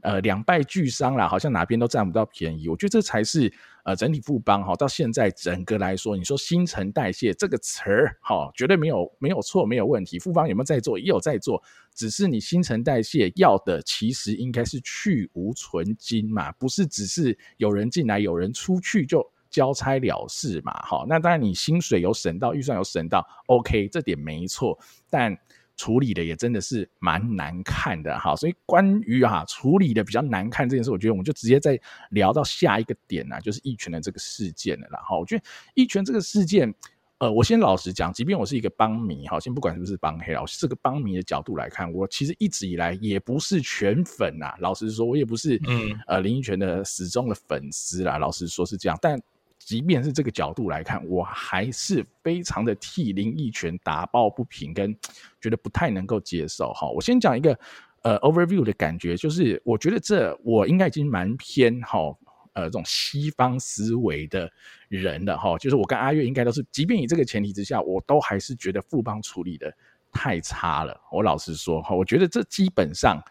呃，兩敗俱傷啦，好像哪邊都占不到便宜。我覺得這才是呃，整體富邦哈，到現在整個來說，你說新陳代謝這個詞兒哈、哦，絕對沒有沒有錯，沒有問題。富邦有沒有在做？也有在做，只是你新陳代謝要的其實應該是去蕪存菁嘛，不是只是有人進來有人出去就交差了事嘛。好、哦，那當然你薪水有省到，預算有省到，OK，這點沒錯，但。處理的也真的是蠻難看的哈，所以關於哈、啊、處理的比較難看這件事，我覺得我們就直接再聊到下一個點、啊、就是益全的這個事件了。我覺得益全這個事件，呃，我先老實講，即便我是一個邦迷哈，先不管是不是邦黑，老師這個邦迷的角度來看，我其實一直以來也不是全粉吶、啊，老實說，我也不是嗯呃林益全的死忠的粉絲啦，老實說是這樣，但。即便是這個角度來看，我還是非常的替林益全打抱不平，跟覺得不太能夠接受哈。我先講一個呃 overview 的感覺，就是我覺得這我應該已經蠻偏哈呃這種西方思維的人了哈。就是我跟阿月應該都是，即便以這個前提之下，我都還是覺得富邦處理的太差了。我老實說哈，我覺得這基本上。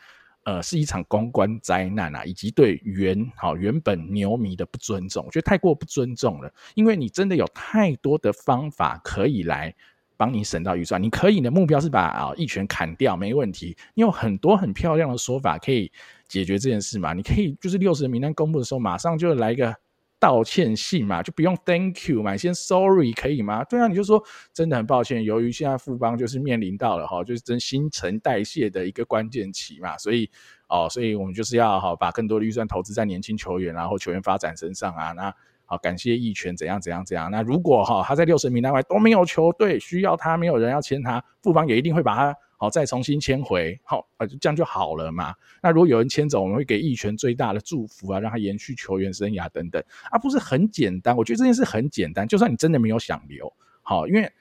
呃，是一場公關災難啊，以及對原、哦、原本牛迷的不尊重，我覺得太過不尊重了。因為你真的有太多的方法可以來幫你省到預算，你可以你的目標是把啊、哦、一拳砍掉，沒問題。你有很多很漂亮的說法可以解決這件事嘛。你可以就是六十人名單公布的時候，馬上就來一個。道歉信嘛，就不用 thank you 嘛，先 sorry 可以嗎？對啊，你就說真的很抱歉，由於現在富邦就是面臨到了哈，就是真新陳代謝的一個關鍵期嘛，所以哦，所以我們就是要哈把更多的預算投資在年輕球員，然後球員發展身上啊，那好，感謝益全怎樣怎樣怎樣，那如果哈他在六十名單外都沒有球隊需要他，沒有人要簽他，富邦也一定會把他。好，再重新簽回，好，呃，這樣就好了嘛？那如果有人簽走，我們會給予最大的祝福啊，讓他延續球員生涯等等，啊，不是很簡單？我覺得這件事很簡單，就算你真的沒有想留，好，因為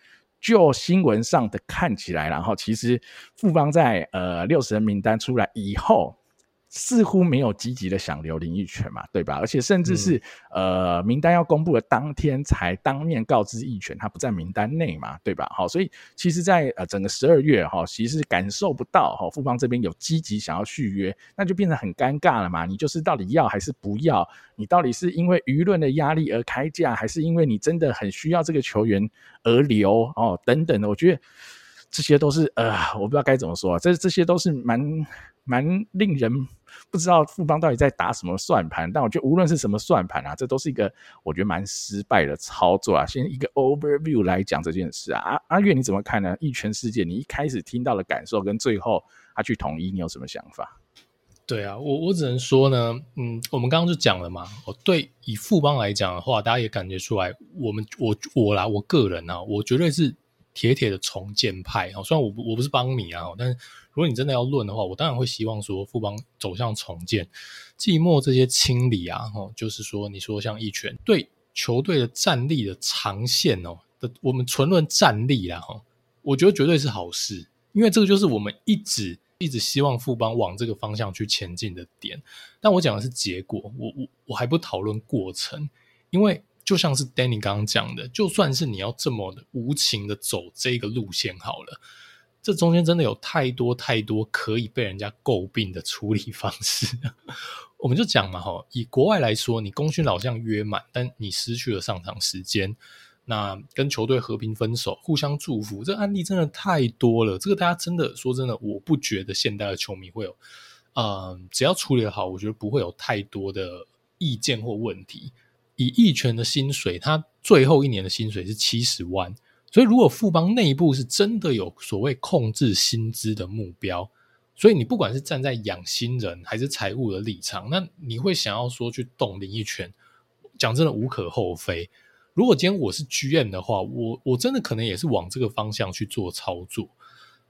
就新聞上的看起來，然後其實富邦在呃六十人名單出來以後。似乎沒有積極的想留林益全嘛，對吧？而且甚至是呃，名單要公布的當天才當面告知益全他不在名單內嘛，對吧？好，所以其實，在呃整個十二月哈，其實感受不到哈，富邦這邊有積極想要續約，那就變得很尷尬了嘛。你就是到底要還是不要？你到底是因為輿論的壓力而開價，還是因為你真的很需要這個球員而留？哦，等等的，我覺得。這些都是呃，我不知道該怎麼說，啊，這這些都是蠻蠻令人不知道富邦到底在打什麼算盤。但我覺得無論是什麼算盤啊，這都是一個我覺得蠻失敗的操作啊。先一個 overview 來講這件事啊，啊，阿月你怎麼看呢？一全世界，你一開始聽到的感受跟最後他去統一，你有什麼想法？對啊，我我只能說呢，嗯，我們剛剛就講了嘛，我、哦、對，以富邦來講的話，大家也感覺出來，我們我我來我個人呢、啊，我覺得是。鐵鐵的重建派啊，雖然我我不是邦迷，啊，但是如果你真的要論的話，我當然會希望說富邦走向重建，寂寞這些清理啊，哈，就是說你說像一拳對球隊的戰力的長線哦，的我們純論戰力啦，哈，我覺得絕對是好事，因為這個就是我們一直一直希望富邦往這個方向去前進的點。但我講的是結果，我我我還不討論過程，因為。就像是 Danny 剛剛講的，就算是你要這麼無情的走這個路線好了，這中間真的有太多太多可以被人家詬病的處理方式。 我們就講嘛，哈，以國外來說，你功勳老將約滿，但你失去了上場時間，那跟球隊和平分手，互相祝福，這個、案例真的太多了。這個大家真的說真的，我不覺得現代的球迷會有，嗯、呃，只要處理得好，我覺得不會有太多的意見或問題。以益全的薪水，他最後一年的薪水是七十萬，所以如果富邦內部是真的有所謂控制薪資的目標，所以你不管是站在養新人還是財務的立場，那你會想要說去動林益全，講真的，無可厚非。如果今天我是 GM 的話，我我真的可能也是往這個方向去做操作。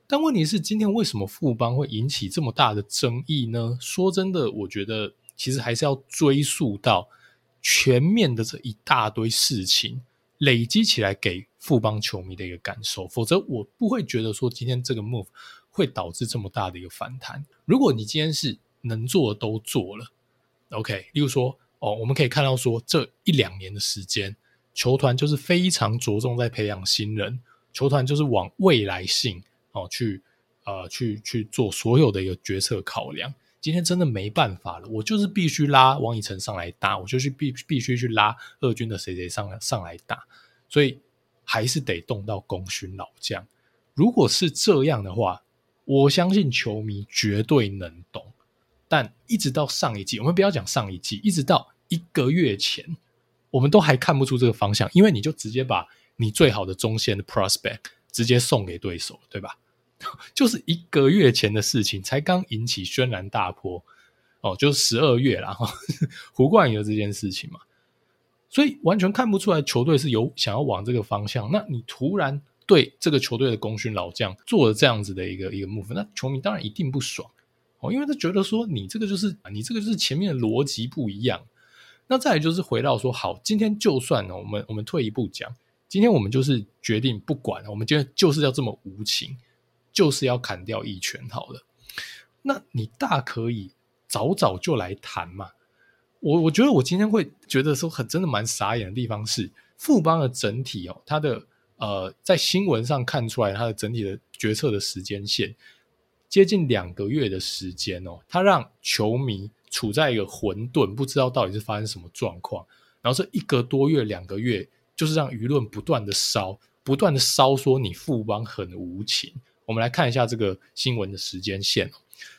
但問題是，今天為什麼富邦會引起這麼大的爭議呢？說真的，我覺得其實還是要追溯到，全面的這一大堆事情累積起來，給富邦球迷的一個感受。否則，我不會覺得說今天這個 move 會導致這麼大的一個反彈。如果你今天是能做的都做了，OK，例如說，哦，我們可以看到說這一兩年的時間，球團就是非常着重在培養新人，球團就是往未來性哦去，呃，去去做所有的一個決策考量。今天真的沒辦法了，我就是必須拉王以誠上來打，我就去必必須去拉二軍的誰誰上上來打，所以還是得動到功勳老將。如果是這樣的話，我相信球迷絕對能懂。但一直到上一季，我們不要講上一季，一直到一個月前，我們都還看不出這個方向，因為你就直接把你最好的中線的 prospect 直接送給對手，對吧？ 就是一個月前的事情，才剛引起軒然大波哦，就十二月然後胡冠宇的這件事情嘛，所以完全看不出來球隊是有想要往這個方向。那你突然對這個球隊的功勳老將做了這樣子的一個一個 move，那球迷當然一定不爽哦，因為他覺得說你這個就是你這個就是前面的邏輯不一樣。那再就是回到說，好，今天就算了，哦，我們我們退一步講，今天我們就是決定不管，我們今天就是要這麼無情。就是要砍掉一拳，好了，那你大可以早早就來談嘛。我我覺得我今天會覺得說很真的蠻傻眼的地方是，富邦的整體哦，他的呃，在新聞上看出來他的整體的決策的時間線接近兩個月的時間哦，他讓球迷處在一個混沌，不知道到底是發生什麼狀況。然後這一個多月、兩個月，就是讓輿論不斷的燒，不斷的燒，說你富邦很無情。我們來看一下這個新聞的時間線。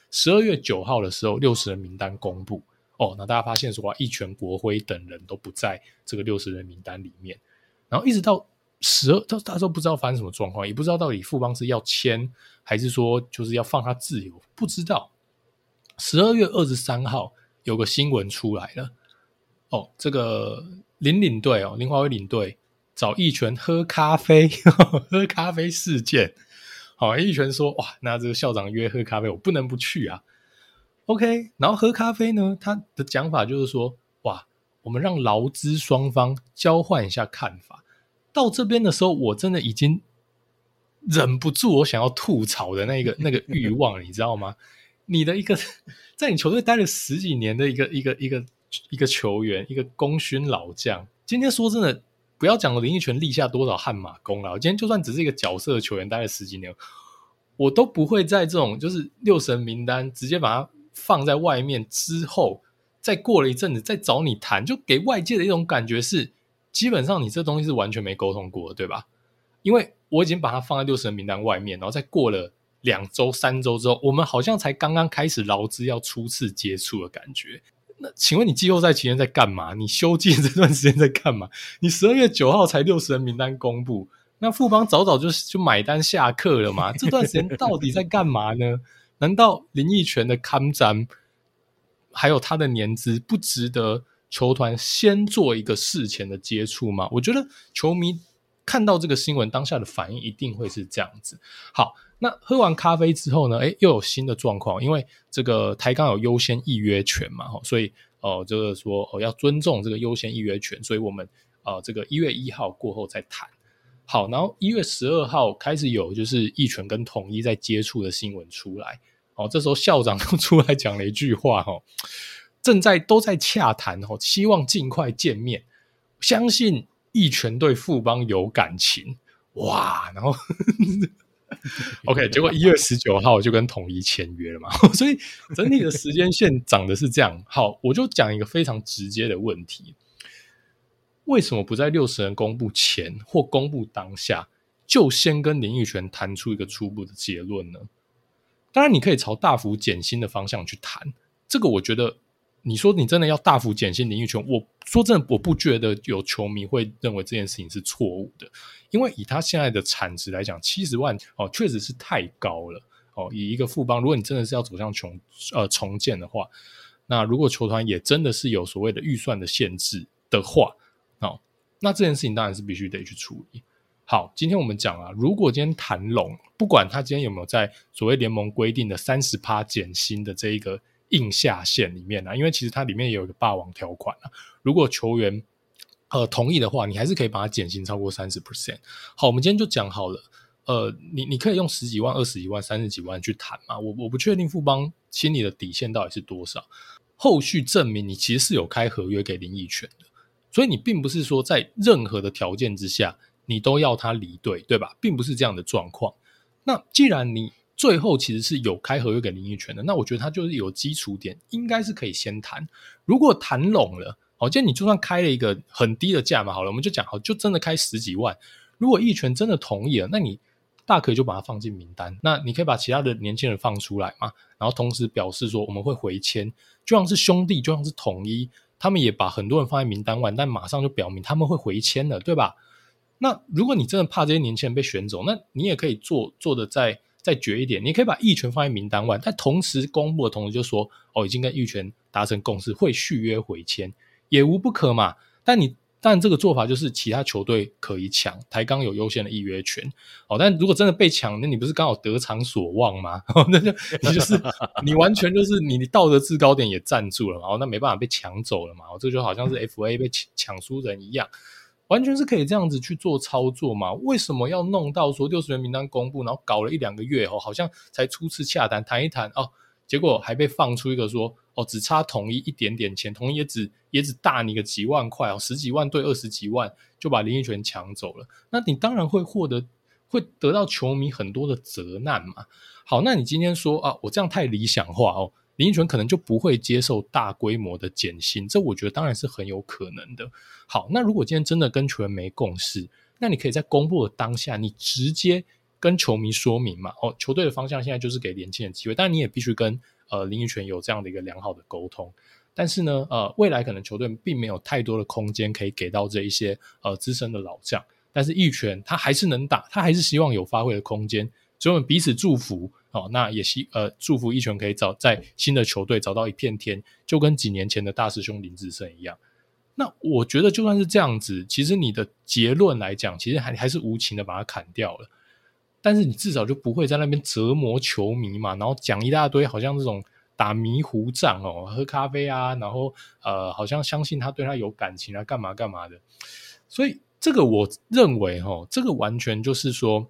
十二月九號的時候，六十人名單公布哦，那大家發現說啊，一拳國輝等人都不在這個六十人名單裡面。然後一直到十二，到大家都不知道發生什麼狀況，也不知道到底富邦是要簽還是說就是要放他自由，不知道。十二月二十三號有個新聞出來了哦，這個林領隊哦，林華為領隊找一拳喝咖啡，呵呵，喝咖啡事件。好、哦，一拳說哇，那這個校長約喝咖啡，我不能不去啊。OK，然後喝咖啡呢，他的講法就是說哇，我們讓勞資雙方交換一下看法。到這邊的時候，我真的已經忍不住，我想要吐槽的那個那個欲望， 你知道嗎？你的一個在你球隊待了十幾年的一個一個一個一個球員，一個功勳老將，今天說真的。不要講林益全立下多少汗馬功勞，我今天就算只是一個角色的球員，待了十幾年了，我都不會在這種就是六神名單直接把它放在外面之後，再過了一陣子再找你談，就給外界的一種感覺是，基本上你這東西是完全沒溝通過的，對吧？因為我已經把它放在六神名單外面，然後再過了兩週三週之後，我們好像才剛剛開始勞資要初次接觸的感覺。那請問你季後賽期間在幹嘛？你休季這段時間在幹嘛？你十二月九號才六十人名單公布，那富邦早早就就買單下課了嘛？這段時間到底在幹嘛呢？ 難道林益全的堪展還有他的年資不值得球團先做一個事前的接觸嗎？我覺得球迷看到這個新聞當下的反應一定會是這樣子。好。那喝完咖啡之後呢誒？又有新的狀況，因為這個台鋼有優先議約權嘛，哦、所以哦、呃，就是說哦要尊重這個優先議約權，所以我們啊、呃，這個一月一號過後再談。好，然後一月十二號開始有就是益全跟統一在接觸的新聞出來，哦，這時候校長又出來講了一句話，哦、正在都在洽談，哈、哦，希望盡快見面，相信益全對富邦有感情，哇，然後。 OK，對結果一月十九號就跟統一簽約了嘛， 所以整體的時間線長的是這樣。好，我就講一個非常直接的問題：為什麼不在六十人公布前或公布當下就先跟林益全談出一個初步的結論呢？當然，你可以朝大幅減薪的方向去談，這個我覺得。你說你真的要大幅減薪，林益全？我說真的，我不覺得有球迷會認為這件事情是錯誤的，因為以他現在的產值來講，七十萬哦，確實是太高了哦。以一個富邦，如果你真的是要走向窮呃重建的話，那如果球團也真的是有所謂的預算的限制的話，哦，那這件事情當然是必須得去處理。好，今天我們講啊，如果今天談攏，不管他今天有沒有在所謂聯盟規定的三十趴減薪的這一個。硬下線裡面呢、啊，因為其實它裡面也有一個霸王條款啊，如果球員呃同意的話，你還是可以把它減薪超過三十 percent。好，我們今天就講好了。呃，你你可以用十幾萬、二十幾萬、三十幾萬去談嘛。我我不確定富邦心裡的底線到底是多少。後續證明你其實是有開合約給林益全的，所以你並不是說在任何的條件之下你都要他離隊，對吧？並不是這樣的狀況。那既然你最後其實是有開合約給林益全的，那我覺得他就是有基礎點，應該是可以先談。如果談攏了，好、哦，今天你就算開了一個很低的價嘛，好了，我們就講好，就真的開十幾萬。如果益全真的同意了，那你大可以就把它放進名單。那你可以把其他的年輕人放出來嘛，然後同時表示說我們會回簽，就像是兄弟，就像是統一，他們也把很多人放在名單外，但馬上就表明他們會回簽了，對吧？那如果你真的怕這些年輕人被選走，那你也可以做做的在。再絕一點，你可以把益全放在名單外，但同時公布的同時就說，哦，已經跟益全達成共識，會續約回簽，也無不可嘛。但你，但這個做法就是其他球隊可以搶，台鋼有優先的議約權，哦。但如果真的被搶，那你不是剛好得償所望嗎？哦、那就你就是 你完全就是你你道德制高點也站住了嘛。哦，那沒辦法被搶走了嘛。哦，這就好像是 F A 被搶、嗯、搶輸人一樣。完全是可以這樣子去做操作嘛。為什麼要弄到說六十人名單公布，然後搞了一兩個月，好像才初次洽談談一談哦，結果還被放出一個說哦，只差統一一,一點點錢，統一也只也只大你個幾萬塊哦，十幾萬對二十幾萬就把林益全搶走了。那你當然會獲得會得到球迷很多的責難嘛。好，那你今天說啊，我這樣太理想化哦。林益全可能就不會接受大規模的減薪，這我覺得當然是很有可能的。好，那如果今天真的跟球員沒共識，那你可以在公布的當下，你直接跟球迷說明嘛。哦，球隊的方向現在就是給年輕人機會，但你也必須跟呃林益全有這樣的一個良好的溝通。但是呢，呃，未來可能球隊並沒有太多的空間可以給到這一些呃資深的老將，但是益全他還是能打，他還是希望有發揮的空間，所以我們彼此祝福。哦，那也希呃，祝福益全可以找在新的球隊找到一片天，就跟幾年前的大師兄林智勝一樣。那我覺得就算是這樣子，其實你的結論來講，其實還還是無情的把他砍掉了。但是你至少就不會在那邊折磨球迷嘛，然後講一大堆，好像這種打迷糊仗哦，喝咖啡啊，然後呃，好像相信他對他有感情啊，幹嘛幹嘛的。所以這個我認為，哦，這個完全就是說，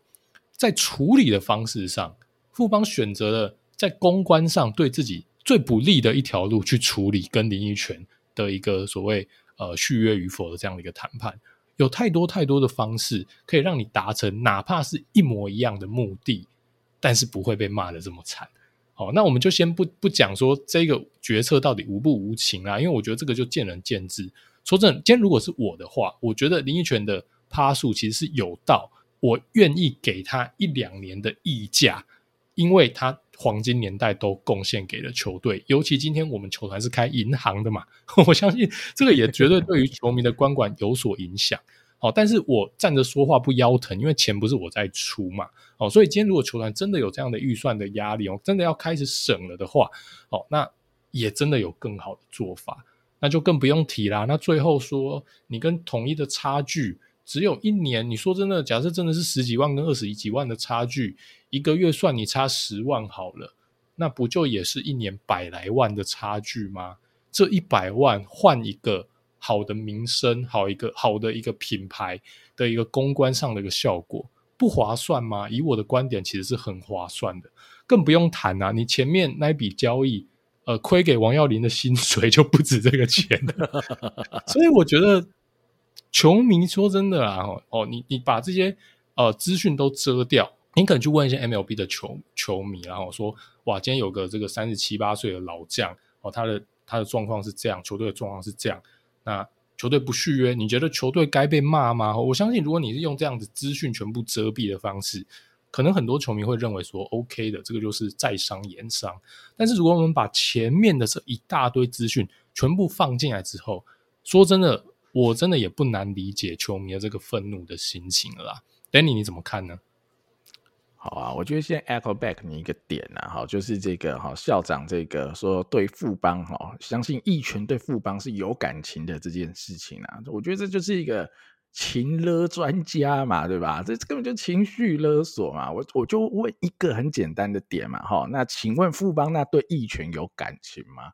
在處理的方式上。富邦選擇了在公關上對自己最不利的一條路去處理跟林益全的一個所謂呃續約與否的這樣的一個談判，有太多太多的方式可以讓你達成，哪怕是一模一樣的目的，但是不會被罵得這麼慘。好，那我們就先不不講說這個決策到底無不無情啊，因為我覺得這個就見仁見智。說真的，今天如果是我的話，我覺得林益全的趴數其實是有道，我願意給他一兩年的溢價。因為他黃金年代都貢獻給了球隊，尤其今天我們球團是開銀行的嘛，我相信這個也絕對對於球迷的觀觀有所影響。好、 哦，但是我站着說話不腰疼，因為錢不是我在出嘛、哦。所以今天如果球團真的有這樣的預算的壓力哦，真的要開始省了的話、哦，那也真的有更好的做法，那就更不用提啦。那最後說，你跟統一的差距。只有一年，你說真的？假設真的是十幾萬跟二十幾萬的差距，一個月算你差十萬好了，那不就也是一年百來萬的差距嗎？這一百萬換一個好的名聲，好一個好的一個品牌的一個公關上的一個效果，不划算嗎？以我的觀點，其實是很划算的，更不用談啊，你前面那一筆交易，呃，虧給王耀霖的薪水就不止這個錢了， 所以我覺得。球迷說真的啦，哦，你你把這些呃資訊都遮掉，你可能去問一些 MLB 的球球迷，然後說，哇，今天有個這個三十七八歲的老將，哦，他的他的狀況是這樣，球隊的狀況是這樣，那球隊不續約，你覺得球隊該被罵嗎？我相信如果你是用這樣子資訊全部遮蔽的方式，可能很多球迷會認為說 OK 的，這個就是在商言商。但是如果我們把前面的這一大堆資訊全部放進來之後，說真的。我真的也不難理解球迷的這個憤怒的心情啦。Danny 你怎麼看呢？好啊，我覺得現在 echo back 你一個點啊。哈，就是這個哈校長這個說對富邦哈，相信益全對富邦是有感情的這件事情啊，我覺得這就是一個情勒專家嘛，對吧？這根本就情緒勒索嘛，我我就問一個很簡單的點嘛，哈，那請問富邦那對益全有感情嗎？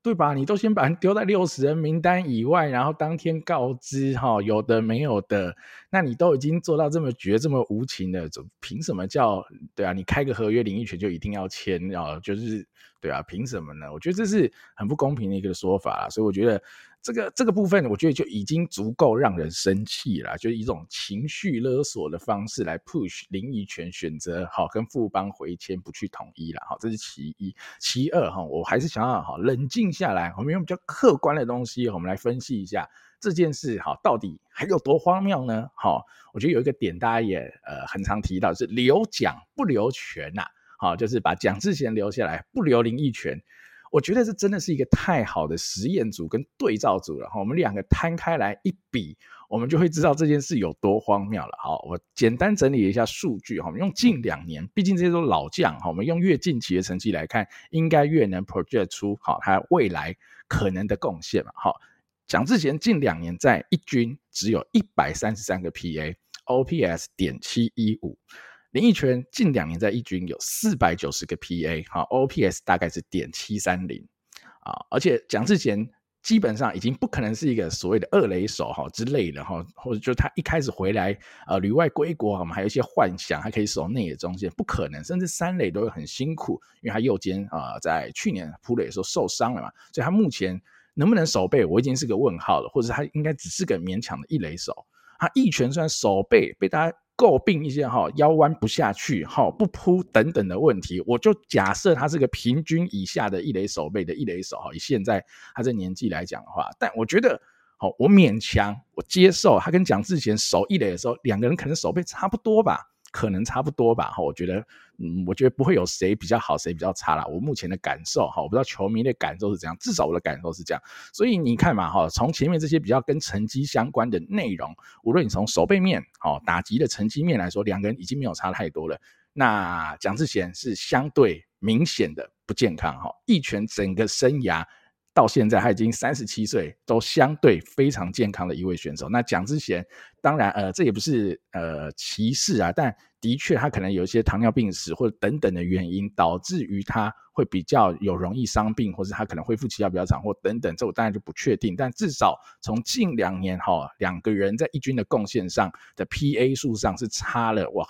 對吧？你都先把人丟在六十人名單以外，然後當天告知、哦、有的沒有的，那你都已經做到這麼絕、這麼無情的，憑什麼叫對啊？你開個合約、領域權就一定要簽啊？就是對啊，憑什麼呢？我覺得這是很不公平的一個說法，所以我覺得。這個這個部分，我覺得就已經足夠讓人生氣了、啊，就是一種情緒勒索的方式來 push 林益全選擇好、哦、跟富邦回遷不去統一了，好、哦，這是其一。其二哈、哦，我還是想要哈冷靜下來，我、哦、們用比較客觀的東西，我們來分析一下這件事哈、哦，到底還有多荒謬呢？好、哦，我覺得有一個點大家也呃很常提到、就是留蔣不留全吶、啊，好、哦，就是把蔣智賢留下來，不留林益全我覺得這真的是一個太好的實驗組跟對照組了，哈，我們兩個攤開來一比，我們就會知道這件事有多荒謬了，我簡單整理一下數據，哈，我們用近兩年，畢竟這些都是老將，哈，我們用越近期的成績來看，應該越能 project 出，好，他未來可能的貢獻嘛，好，蔣智賢近兩年在一軍只有一百三十三個 PA，OPS 點七一五。林益全近兩年在一軍有四百九十個 PA，哈 OPS 大概是點七三零啊，30，而且蔣智賢基本上已經不可能是一個所謂的二壘手哈之類的哈，或者就他一開始回來呃旅外歸國，我們還有一些幻想還可以守內野中線，不可能，甚至三壘都會很辛苦，因為他右肩啊、呃、在去年撲壘的時候受傷了嘛，所以他目前能不能守備我已經是個問號了，或者他應該只是個勉強的一壘手，他益全雖然守備被大家。詬病一些哈腰彎不下去，哈不撲等等的問題，我就假設他是個平均以下的一壘守備的一壘手，以現在他這年紀來講的話，但我覺得，我勉強我接受他跟蔣智賢守一壘的時候，兩個人可能守備差不多吧。可能差不多吧，我覺得，嗯，我覺得不會有誰比較好，誰比較差啦。我目前的感受，我不知道球迷的感受是怎樣，至少我的感受是這樣。所以你看嘛，從前面這些比較跟成績相關的內容，無論你從守備面，打擊的成績面來說，兩個人已經沒有差太多了。那蔣智賢是相對明顯的不健康，益全整個生涯到現在他已經三十七歲，都相對非常健康的一位選手。那蔣智賢。當然，呃，這也不是呃歧視啊，但的確他可能有一些糖尿病史，或者等等的原因，導致於他會比較有容易傷病，或是他可能恢復期要比較長或等等，這我當然就不確定。但至少從近兩年哈，兩個人在一軍的貢獻上的 PA 數上是差了哇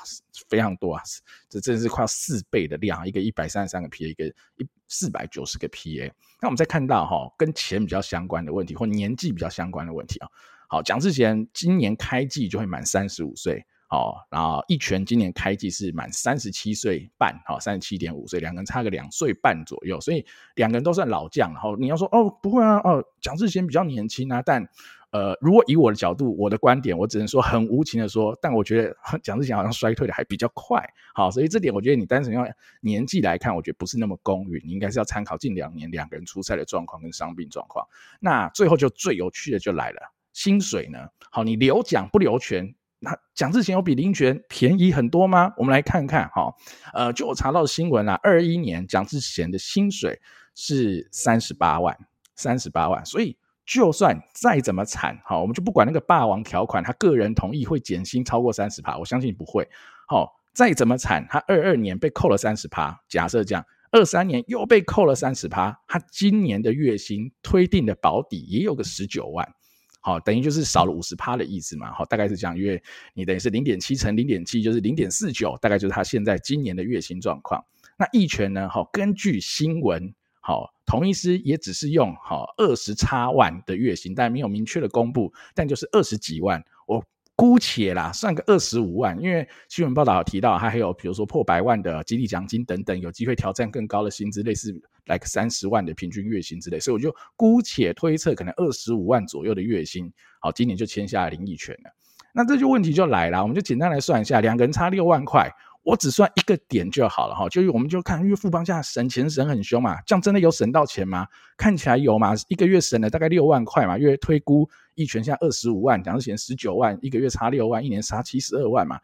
非常多啊，這真是快四倍的量，一個一百三十三個 PA，一個一四百九十個 PA。那我們再看到哈，跟錢比較相關的問題或年紀比較相關的問題啊。好，蔣智賢今年開季就會滿三十五歲，好，哦，然後一拳今年開季是滿三十七歲半，好，哦，三十七點五歲，兩個人差個兩歲半左右，所以兩個人都算老將。然後你要說哦不會啊，哦蔣智賢比較年輕啊，但呃如果以我的角度，我的觀點，我只能說很無情的說，但我覺得蔣智賢好像衰退的還比較快，好，所以這點我覺得你單純用年紀來看，我覺得不是那麼公允，你應該是要參考近兩年兩個人出賽的狀況跟傷病狀況。那最後就最有趣的就來了。薪水呢？好，你留蔣不留全？那蔣智賢有比林全便宜很多嗎？我們來看看，好，呃，就我查到的新聞啦。二一年蔣智賢的薪水是三十八萬，三十八萬。所以就算再怎麼慘，好，我們就不管那個霸王條款，他個人同意會減薪超過三十趴，我相信不會。好，再怎麼慘，他二二年被扣了三十趴，假設講二三年又被扣了三十趴，他今年的月薪推定的保底也有個十九萬。好、哦，等於就是少了五十趴的意思嘛，好、哦，大概是講月，因為你等於是零點七乘零點七，就是零點四九，大概就是他現在今年的月薪狀況。那益全呢，好、哦，根據新聞，好、哦，統一獅也只是用好二十差萬的月薪，但沒有明確的公布，但就是二十幾萬，我姑且啦，算個二十五萬，因為新聞報道有提到他還有比如說破百萬的激勵獎金等等，有機會挑戰更高的薪資，類似。來三十萬的平均月薪之類，所以我就姑且推測，可能二十五萬左右的月薪。好，今年就簽下林義權了。那這就問題就來了，我們就簡單來算一下，兩個人差六萬塊，我只算一個點就好了哈。就是我們就看，因為富邦現在省錢省很凶嘛，這樣真的有省到錢嗎？看起來有嘛，一個月省了大概六萬塊嘛，月推估義權下二十五萬，兩拳十九萬，一個月差六萬，一年差七十二萬嘛。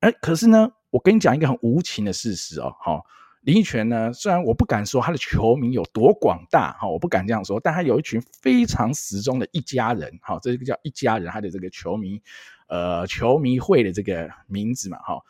哎，可是呢，我跟你講一個很無情的事實哦，林益全呢？雖然我不敢說他的球迷有多廣大，哈、哦，我不敢這樣說，但他有一群非常死忠的一家人，哈、哦，這個叫一家人，他的這個球迷，呃，球迷會的這個名字嘛，哈、哦，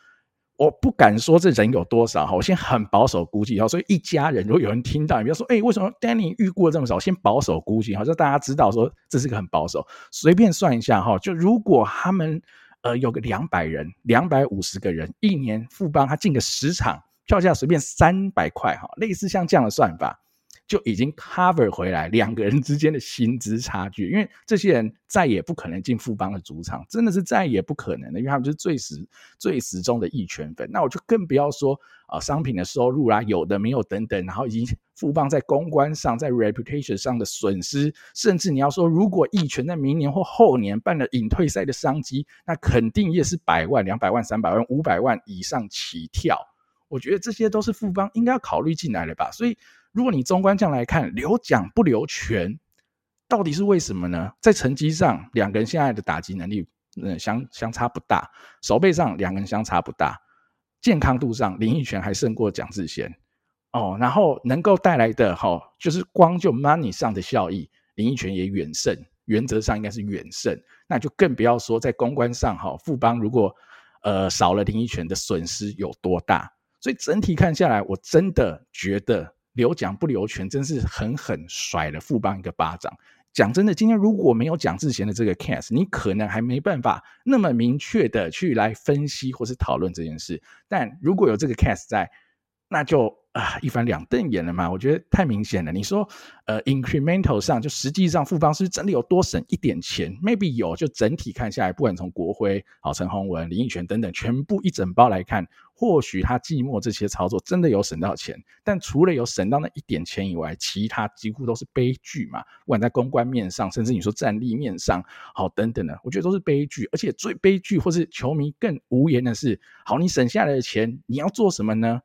我不敢說這人有多少，哈、哦，我先很保守估計，哈、哦，所以一家人，如果有人聽到，比如說，哎、欸，為什麼 Danny 預估這麼少？我先保守估計，好、哦，讓大家知道說這是個很保守，隨便算一下，哈、哦，就如果他們呃有個兩百人、兩百五十個人，一年富邦他進個十場。票價隨便三百塊哈，類似像這樣的算法，就已經 cover 回來兩個人之間的薪資差距。因為這些人再也不可能進富邦的主場，真的是再也不可能的，因為他們就是最死最死忠的益全粉。那我就更不要說啊商品的收入啦、啊，有的沒有等等，然後已經富邦在公關上、在 reputation 上的損失，甚至你要說，如果益全在明年或後年辦了引退賽的商機，那肯定也是百萬、兩百萬、三百萬、五百萬以上起跳。我覺得這些都是富邦應該要考慮進來的吧。所以，如果你中觀這樣來看，留蔣不留全，到底是為什麼呢？在成績上，兩個人現在的打擊能力，嗯、呃，相相差不大；守備上兩個人相差不大；健康度上，林益全還勝過蔣智賢哦。然後能夠帶來的哈、哦，就是光就 money 上的效益，林益全也遠勝，原則上應該是遠勝。那就更不要說在公關上哈、哦，富邦如果呃少了林益全的損失有多大？所以整體看下來，我真的覺得留蔣不留全，真是狠狠甩了富邦一個巴掌。講真的，今天如果沒有蔣智賢的這個 case，你可能還沒辦法那麼明確的去來分析或是討論這件事。但如果有這個 case 在，那就啊一翻兩瞪眼了嘛。我覺得太明顯了。你說呃 incremental 上，就實際上富邦是，是真的有多省一點錢？Maybe 有，就整體看下來，不管從國輝、好陳宏文、林益全等等，全部一整包來看。或許他寂寞這些操作真的有省到錢，但除了有省到那一點錢以外，其他幾乎都是悲劇嘛。不管在公關面上，甚至你說戰力面上，好等等的，我覺得都是悲劇。而且最悲劇或是球迷更無言的是，好你省下來的錢你要做什麼呢？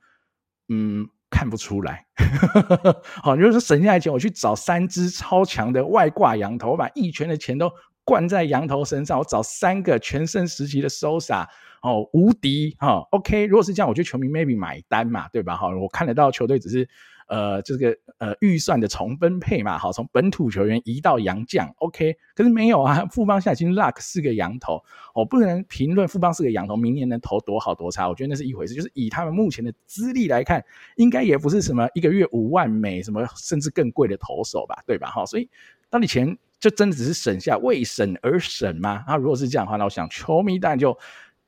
嗯，看不出來。 好，你說省下來錢，我去找三隻超強的外掛羊頭，我把一拳的錢都。灌在羊頭身上，我找三個全盛時期的 Sosa，哦，無敵哈、哦、，OK，如果是這樣，我覺得球迷 maybe 買單嘛，對吧？哈、哦，我看得到球隊只是，呃，這、就是、個呃預算的重分配嘛，哈、哦，從本土球員移到洋將，OK，可是沒有啊，富邦現在已經 luck 四個羊頭，我、哦、不能評論富邦四個羊頭，明年能投多好多差，我覺得那是一回事，就是以他們目前的資歷來看，應該也不是什麼一個月五萬美什麼，甚至更貴的投手吧，對吧？哈、哦，所以到底錢。就真的只是省下為省而省嗎、啊？如果是這樣的話，那我想球迷當然就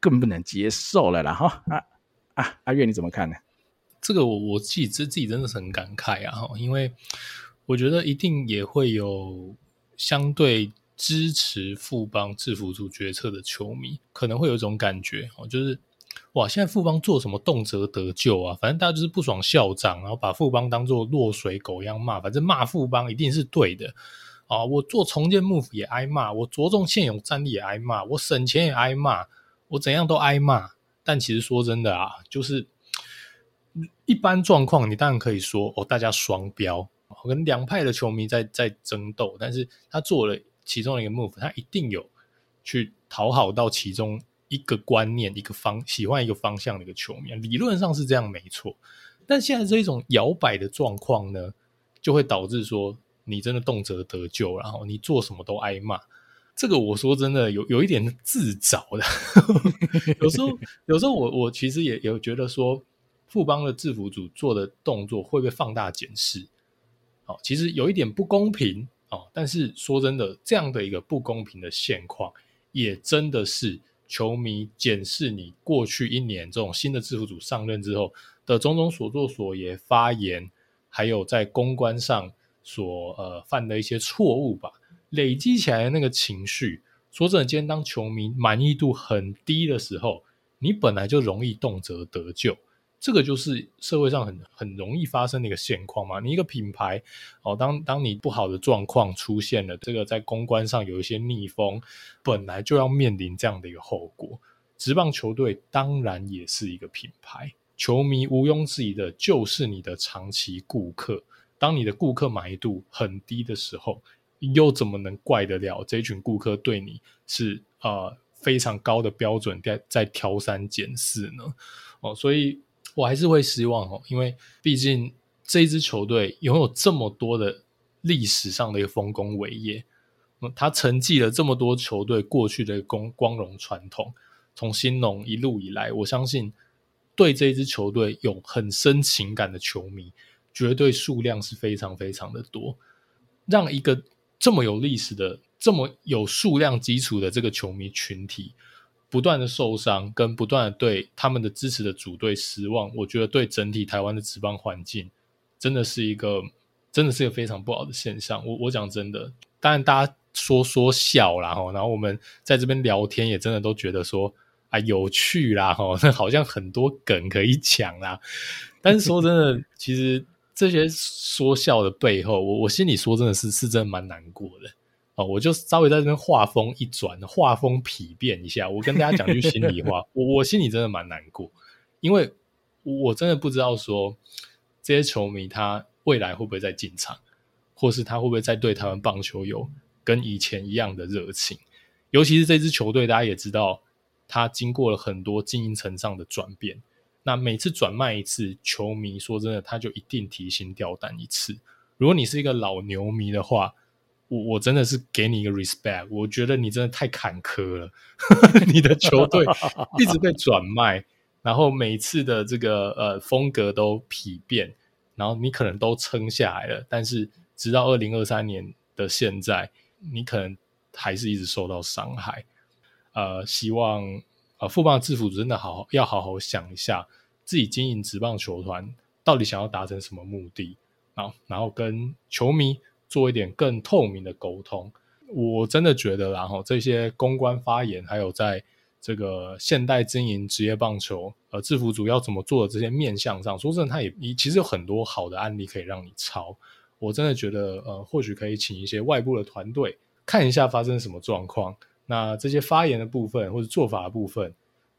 更不能接受了啦！哈，啊啊，阿月你怎麼看呢？這個我我自己自己真的是很感慨啊！因為我覺得一定也會有相對支持富邦制服組決策的球迷，可能會有一種感覺就是哇，現在富邦做什麼動輒得咎啊？反正大家就是不爽校長，然後把富邦當做落水狗一樣罵，反正罵富邦一定是對的。啊，我做重建 move 也挨罵，我着重現有戰力也挨罵，我省錢也挨罵，我怎樣都挨罵。但其實說真的啊，就是一般狀況，你當然可以說哦，大家雙標，我跟兩派的球迷在在爭鬥。但是他做了其中一個 move，他一定有去討好到其中一個觀念、一個方、喜歡一個方向的一個球迷。理論上是這樣沒錯，但現在這種搖擺的狀況呢，就會導致說。你真的動輒得咎，然後你做什麼都挨罵，這個我說真的有有一點自找的。 有時候，有時候我我其實也有覺得說，富邦的制服組做的動作會被放大檢視，哦，其實有一點不公平哦。但是說真的，這樣的一個不公平的現況，也真的是球迷檢視你過去一年這種新的制服組上任之後的種種所作所言、發言，還有在公關上。所呃犯的一些錯誤吧，累積起來的那個情緒，說真的，今天當球迷滿意度很低的時候，你本來就容易動輒得咎，這個就是社會上很很容易發生的一個現況嘛。你一個品牌哦，當當你不好的狀況出現了，這個在公關上有一些逆風，本來就要面臨這樣的一個後果。職棒球隊當然也是一個品牌，球迷毋庸置疑的就是你的長期顧客。當你的顧客滿意度很低的時候，又怎麼能怪得了這群顧客對你是啊、呃、非常高的標準在在挑三揀四呢？哦，所以我還是會失望哦，因為畢竟這支球隊擁有這麼多的歷史上的一個豐功偉業，他承繼了這麼多球隊過去的光榮傳統，從興農一路以來，我相信對這支球隊有很深情感的球迷，絕對數量是非常非常的多，讓一個這麼有歷史的、這麼有數量基礎的這個球迷群體，不斷的受傷，跟不斷的對他們的支持的主隊失望，我覺得對整體台灣的職棒環境真的是一個，真的是一個非常不好的現象。我我講真的，當然大家說說笑啦吼，然後我們在這邊聊天也真的都覺得說啊有趣啦吼，好像很多梗可以講啦。但是說真的， 其實。這些說笑的背後，我我心裡說真的是是真的蠻難過的啊，哦！我就稍微在這邊畫風一轉，畫風丕變一下，我跟大家講句心裡話， 我我心裡真的蠻難過，因為我我真的不知道說這些球迷他未來會不會再進場，或是他會不會再對他們棒球有跟以前一樣的熱情，尤其是這支球隊大家也知道，他經過了很多經營層上的轉變。那每次轉賣一次，球迷說真的，他就一定提心吊膽一次。如果你是一個老牛迷的話，我我真的是給你一個 respect，我覺得你真的太坎坷了。 你的球隊一直被轉賣， 然後每次的這個呃風格都丕變，然後你可能都撐下來了，但是直到二零二三年的現在，你可能還是一直受到傷害。呃，希望。啊，富邦的制服組真的好，要好好想一下自己經營職棒球團到底想要達成什麼目的，然後然後跟球迷做一點更透明的溝通。我真的覺得啦，然後這些公關發言，還有在這個現代經營職業棒球，呃，制服組要怎麼做的這些面向上，說真的，他也也其實有很多好的案例可以讓你抄。我真的覺得，呃，或許可以請一些外部的團隊看一下發生什麼狀況。那這些發言的部分或者做法的部分，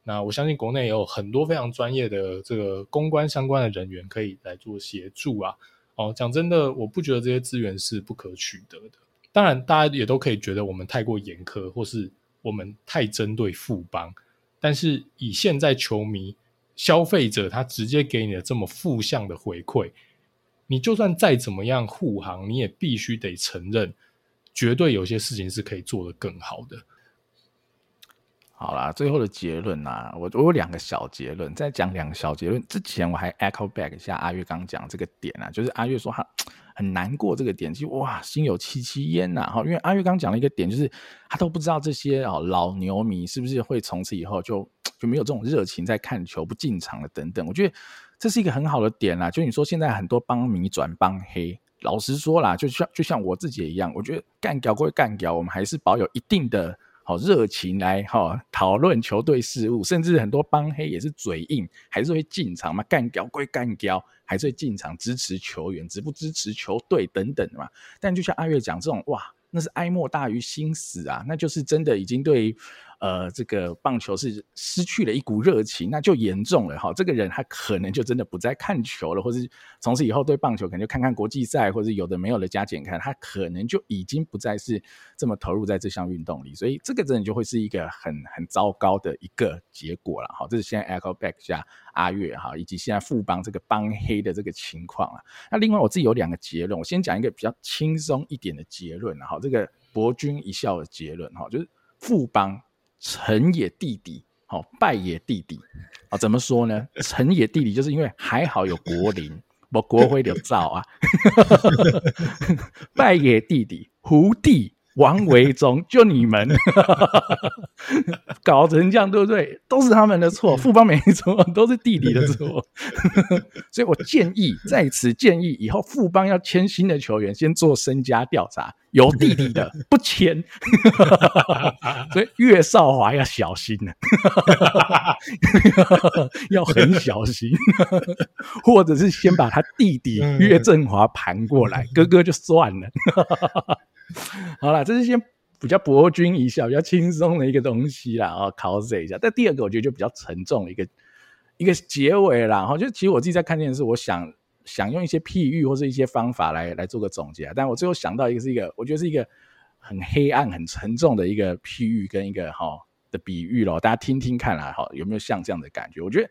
那我相信國內也有很多非常專業的這個公關相關的人員，可以來做協助啊。哦，講真的，我不覺得這些資源是不可取得的。當然，大家也都可以覺得我們太過嚴苛，或是我們太針對富邦。但是以現在球迷、消費者他直接給你的這麼負向的回饋，你就算再怎麼樣護航，你也必須得承認，絕對有些事情是可以做得更好的。好啦，最後的結論吶、啊，我我有兩個小結論，再講兩個小結論之前，我還 echo back 一下阿月剛講這個點啊，就是阿月說他很難過這個點，其實哇，心有戚戚焉吶、啊、哈。因為阿月剛講了一個點，就是他都不知道這些哦老牛迷是不是會從此以後就就沒有這種熱情在看球不進場了等等。我覺得這是一個很好的點啦、啊，就你說現在很多幫迷轉幫黑，老實說啦，就像就像我自己一樣，我覺得幹掉歸幹掉，我們還是保有一定的。好熱情來哈討論球隊事務，甚至很多邦黑也是嘴硬，還是會進場嘛，幹譙歸幹譙，還是會進場支持球員，只不支持球隊等等的嘛。但就像阿月講這種，哇，那是哀莫大於心死啊，那就是真的已經對。呃，這個棒球是失去了一股熱情，那就嚴重了哈。這個人他可能就真的不再看球了，或是從此以後對棒球可能就看看國際賽，或者有的沒有的加減看，他可能就已經不再是這麼投入在這項運動裡。所以這個真的就會是一個很很糟糕的一個結果了哈。這是現在 Echo Back 加阿月哈，以及現在富邦這個邦黑的這個情況啊。那另外我自己有兩個結論，我先講一個比較輕鬆一點的結論哈，這個博君一笑的結論哈，就是富邦。成也弟弟，好、哦，敗也弟弟啊、哦？怎麼說呢？成也弟弟，就是因為還好有國林，我國輝的照啊。敗 也弟弟，胡弟。王維中，就你們哈哈哈哈搞成這樣，對不對？都是他們的錯，富邦沒錯，都是弟弟的錯。 所以我建議，在此建議以後，富邦要簽新的球員，先做身家調查，有弟弟的不簽。哈哈哈所以，岳少華要小心了， 要很小心， 或者是先把他弟弟岳政華盤過來，嗯、哥哥就算了。哈哈哈哈好啦，這是一些比較博君一笑，比較輕鬆的一個東西啦，啊 c a u s 一下。但第二個我覺得就比較沉重的一個一個結尾啦，哈、哦，就其實我自己在看電視，我想想用一些譬喻或是一些方法來來做個總結。但我最後想到一個是一個，我覺得是一個很黑暗、很沉重的一個譬喻跟一個哈、哦、的比喻咯。大家聽聽看啊，哈、哦、有沒有像這樣的感覺？我覺得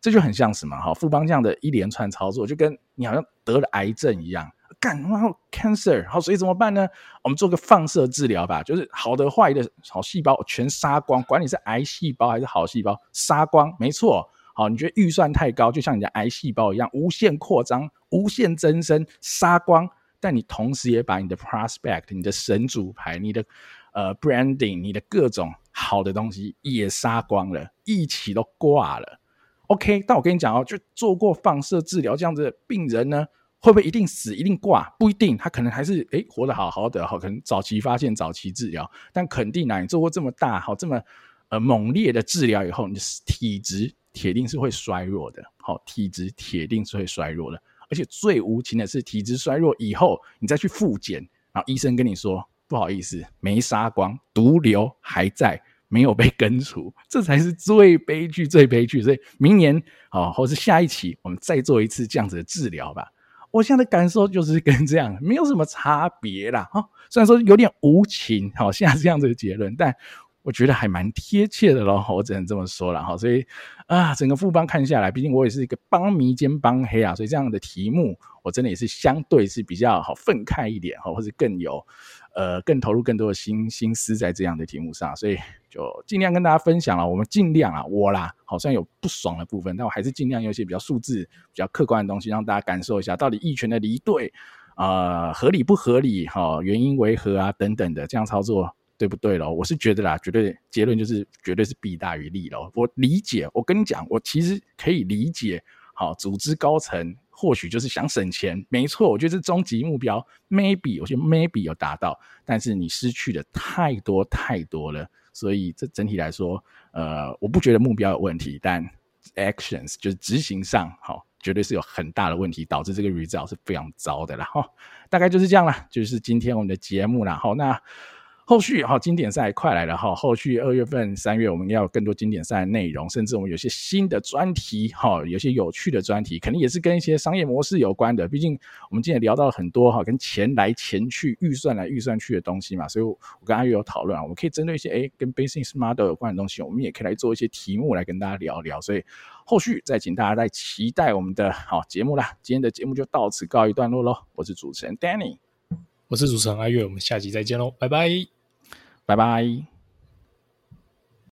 這就很像什麼哈、哦？富邦這樣的一連串操作，就跟你好像得了癌症一樣。幹，然後 cancer，好，所以怎麼辦呢？我們做個放射治療吧，就是好的壞的好細胞全殺光，管你是癌細胞還是好細胞，殺光，沒錯。好，你覺得預算太高，就像你的癌細胞一樣，無限擴張、無限增生，殺光。但你同時也把你的 prospect、你的神主牌、你的呃 branding、Brand ing, 你的各種好的東西也殺光了，一起都掛了。OK，但我跟你講哦，就做過放射治療這樣子的病人呢。會不會一定死一定掛？不一定，他可能還是哎、欸、活得好好的，好，好可能早期發現早期治療，但肯定啊，你做過這麼大好這麼呃猛烈的治療以後，你的體質鐵定是會衰弱的，好、哦、體質鐵定是會衰弱的。而且最無情的是，體質衰弱以後，你再去複檢，然後醫生跟你說不好意思，沒殺光，毒瘤還在，沒有被根除，這才是最悲劇最悲劇。所以明年好、哦、或是下一期，我們再做一次這樣子的治療吧。我現在的感受就是跟這樣沒有什麼差別啦。哈、哦，雖然說有點無情哈，現、哦、在這樣子的結論，但我覺得還蠻貼切的咯。我只能這麼說了哈、哦，所以啊，整個富邦看下來，畢竟我也是一個邦迷兼邦黑啊，所以這樣的題目。我真的也是相對是比較好憤慨一點哈，或者更有，呃，更投入更多的心心思在這樣的題目上，所以就儘量跟大家分享了。我們儘量啊，我啦好像有不爽的部分，但我還是儘量有一些比較數字、比較客觀的東西，讓大家感受一下到底益全的離隊啊合理不合理哈，原因為何啊等等的，這樣操作對不對咯。我是覺得啦，絕對結論就是絕對是弊大於利咯。我理解，我跟你講，我其實可以理解好、哦、組織高層。或許就是想省錢，沒錯，我覺得是終極目標。Maybe 我覺得 Maybe 有達到，但是你失去了太多太多了，所以這整體來說，呃，我不覺得目標有問題，但 actions 就是執行上，好、哦，絕對是有很大的問題，導致這個 result 是非常糟的啦。哈、哦，大概就是這樣了，就是今天我們的節目了。好、哦，那。後續哈經典賽快來了哈，後續二月份、三月我們要有更多經典賽的內容，甚至我們有些新的專題哈，有些有趣的專題，肯定也是跟一些商業模式有關的。畢竟我們今天也聊到了很多哈，跟錢來錢去、預算來預算去的東西嘛，所以我跟阿月有討論啊，我們可以針對一些哎跟 business model 有關的東西，我們也可以來做一些題目來跟大家聊聊。所以後續再請大家再期待我們的好節目啦。今天的節目就到此告一段落嘍，我是主持人 Danny。我是主持人阿月，我們下集再見嘍，拜拜，拜拜。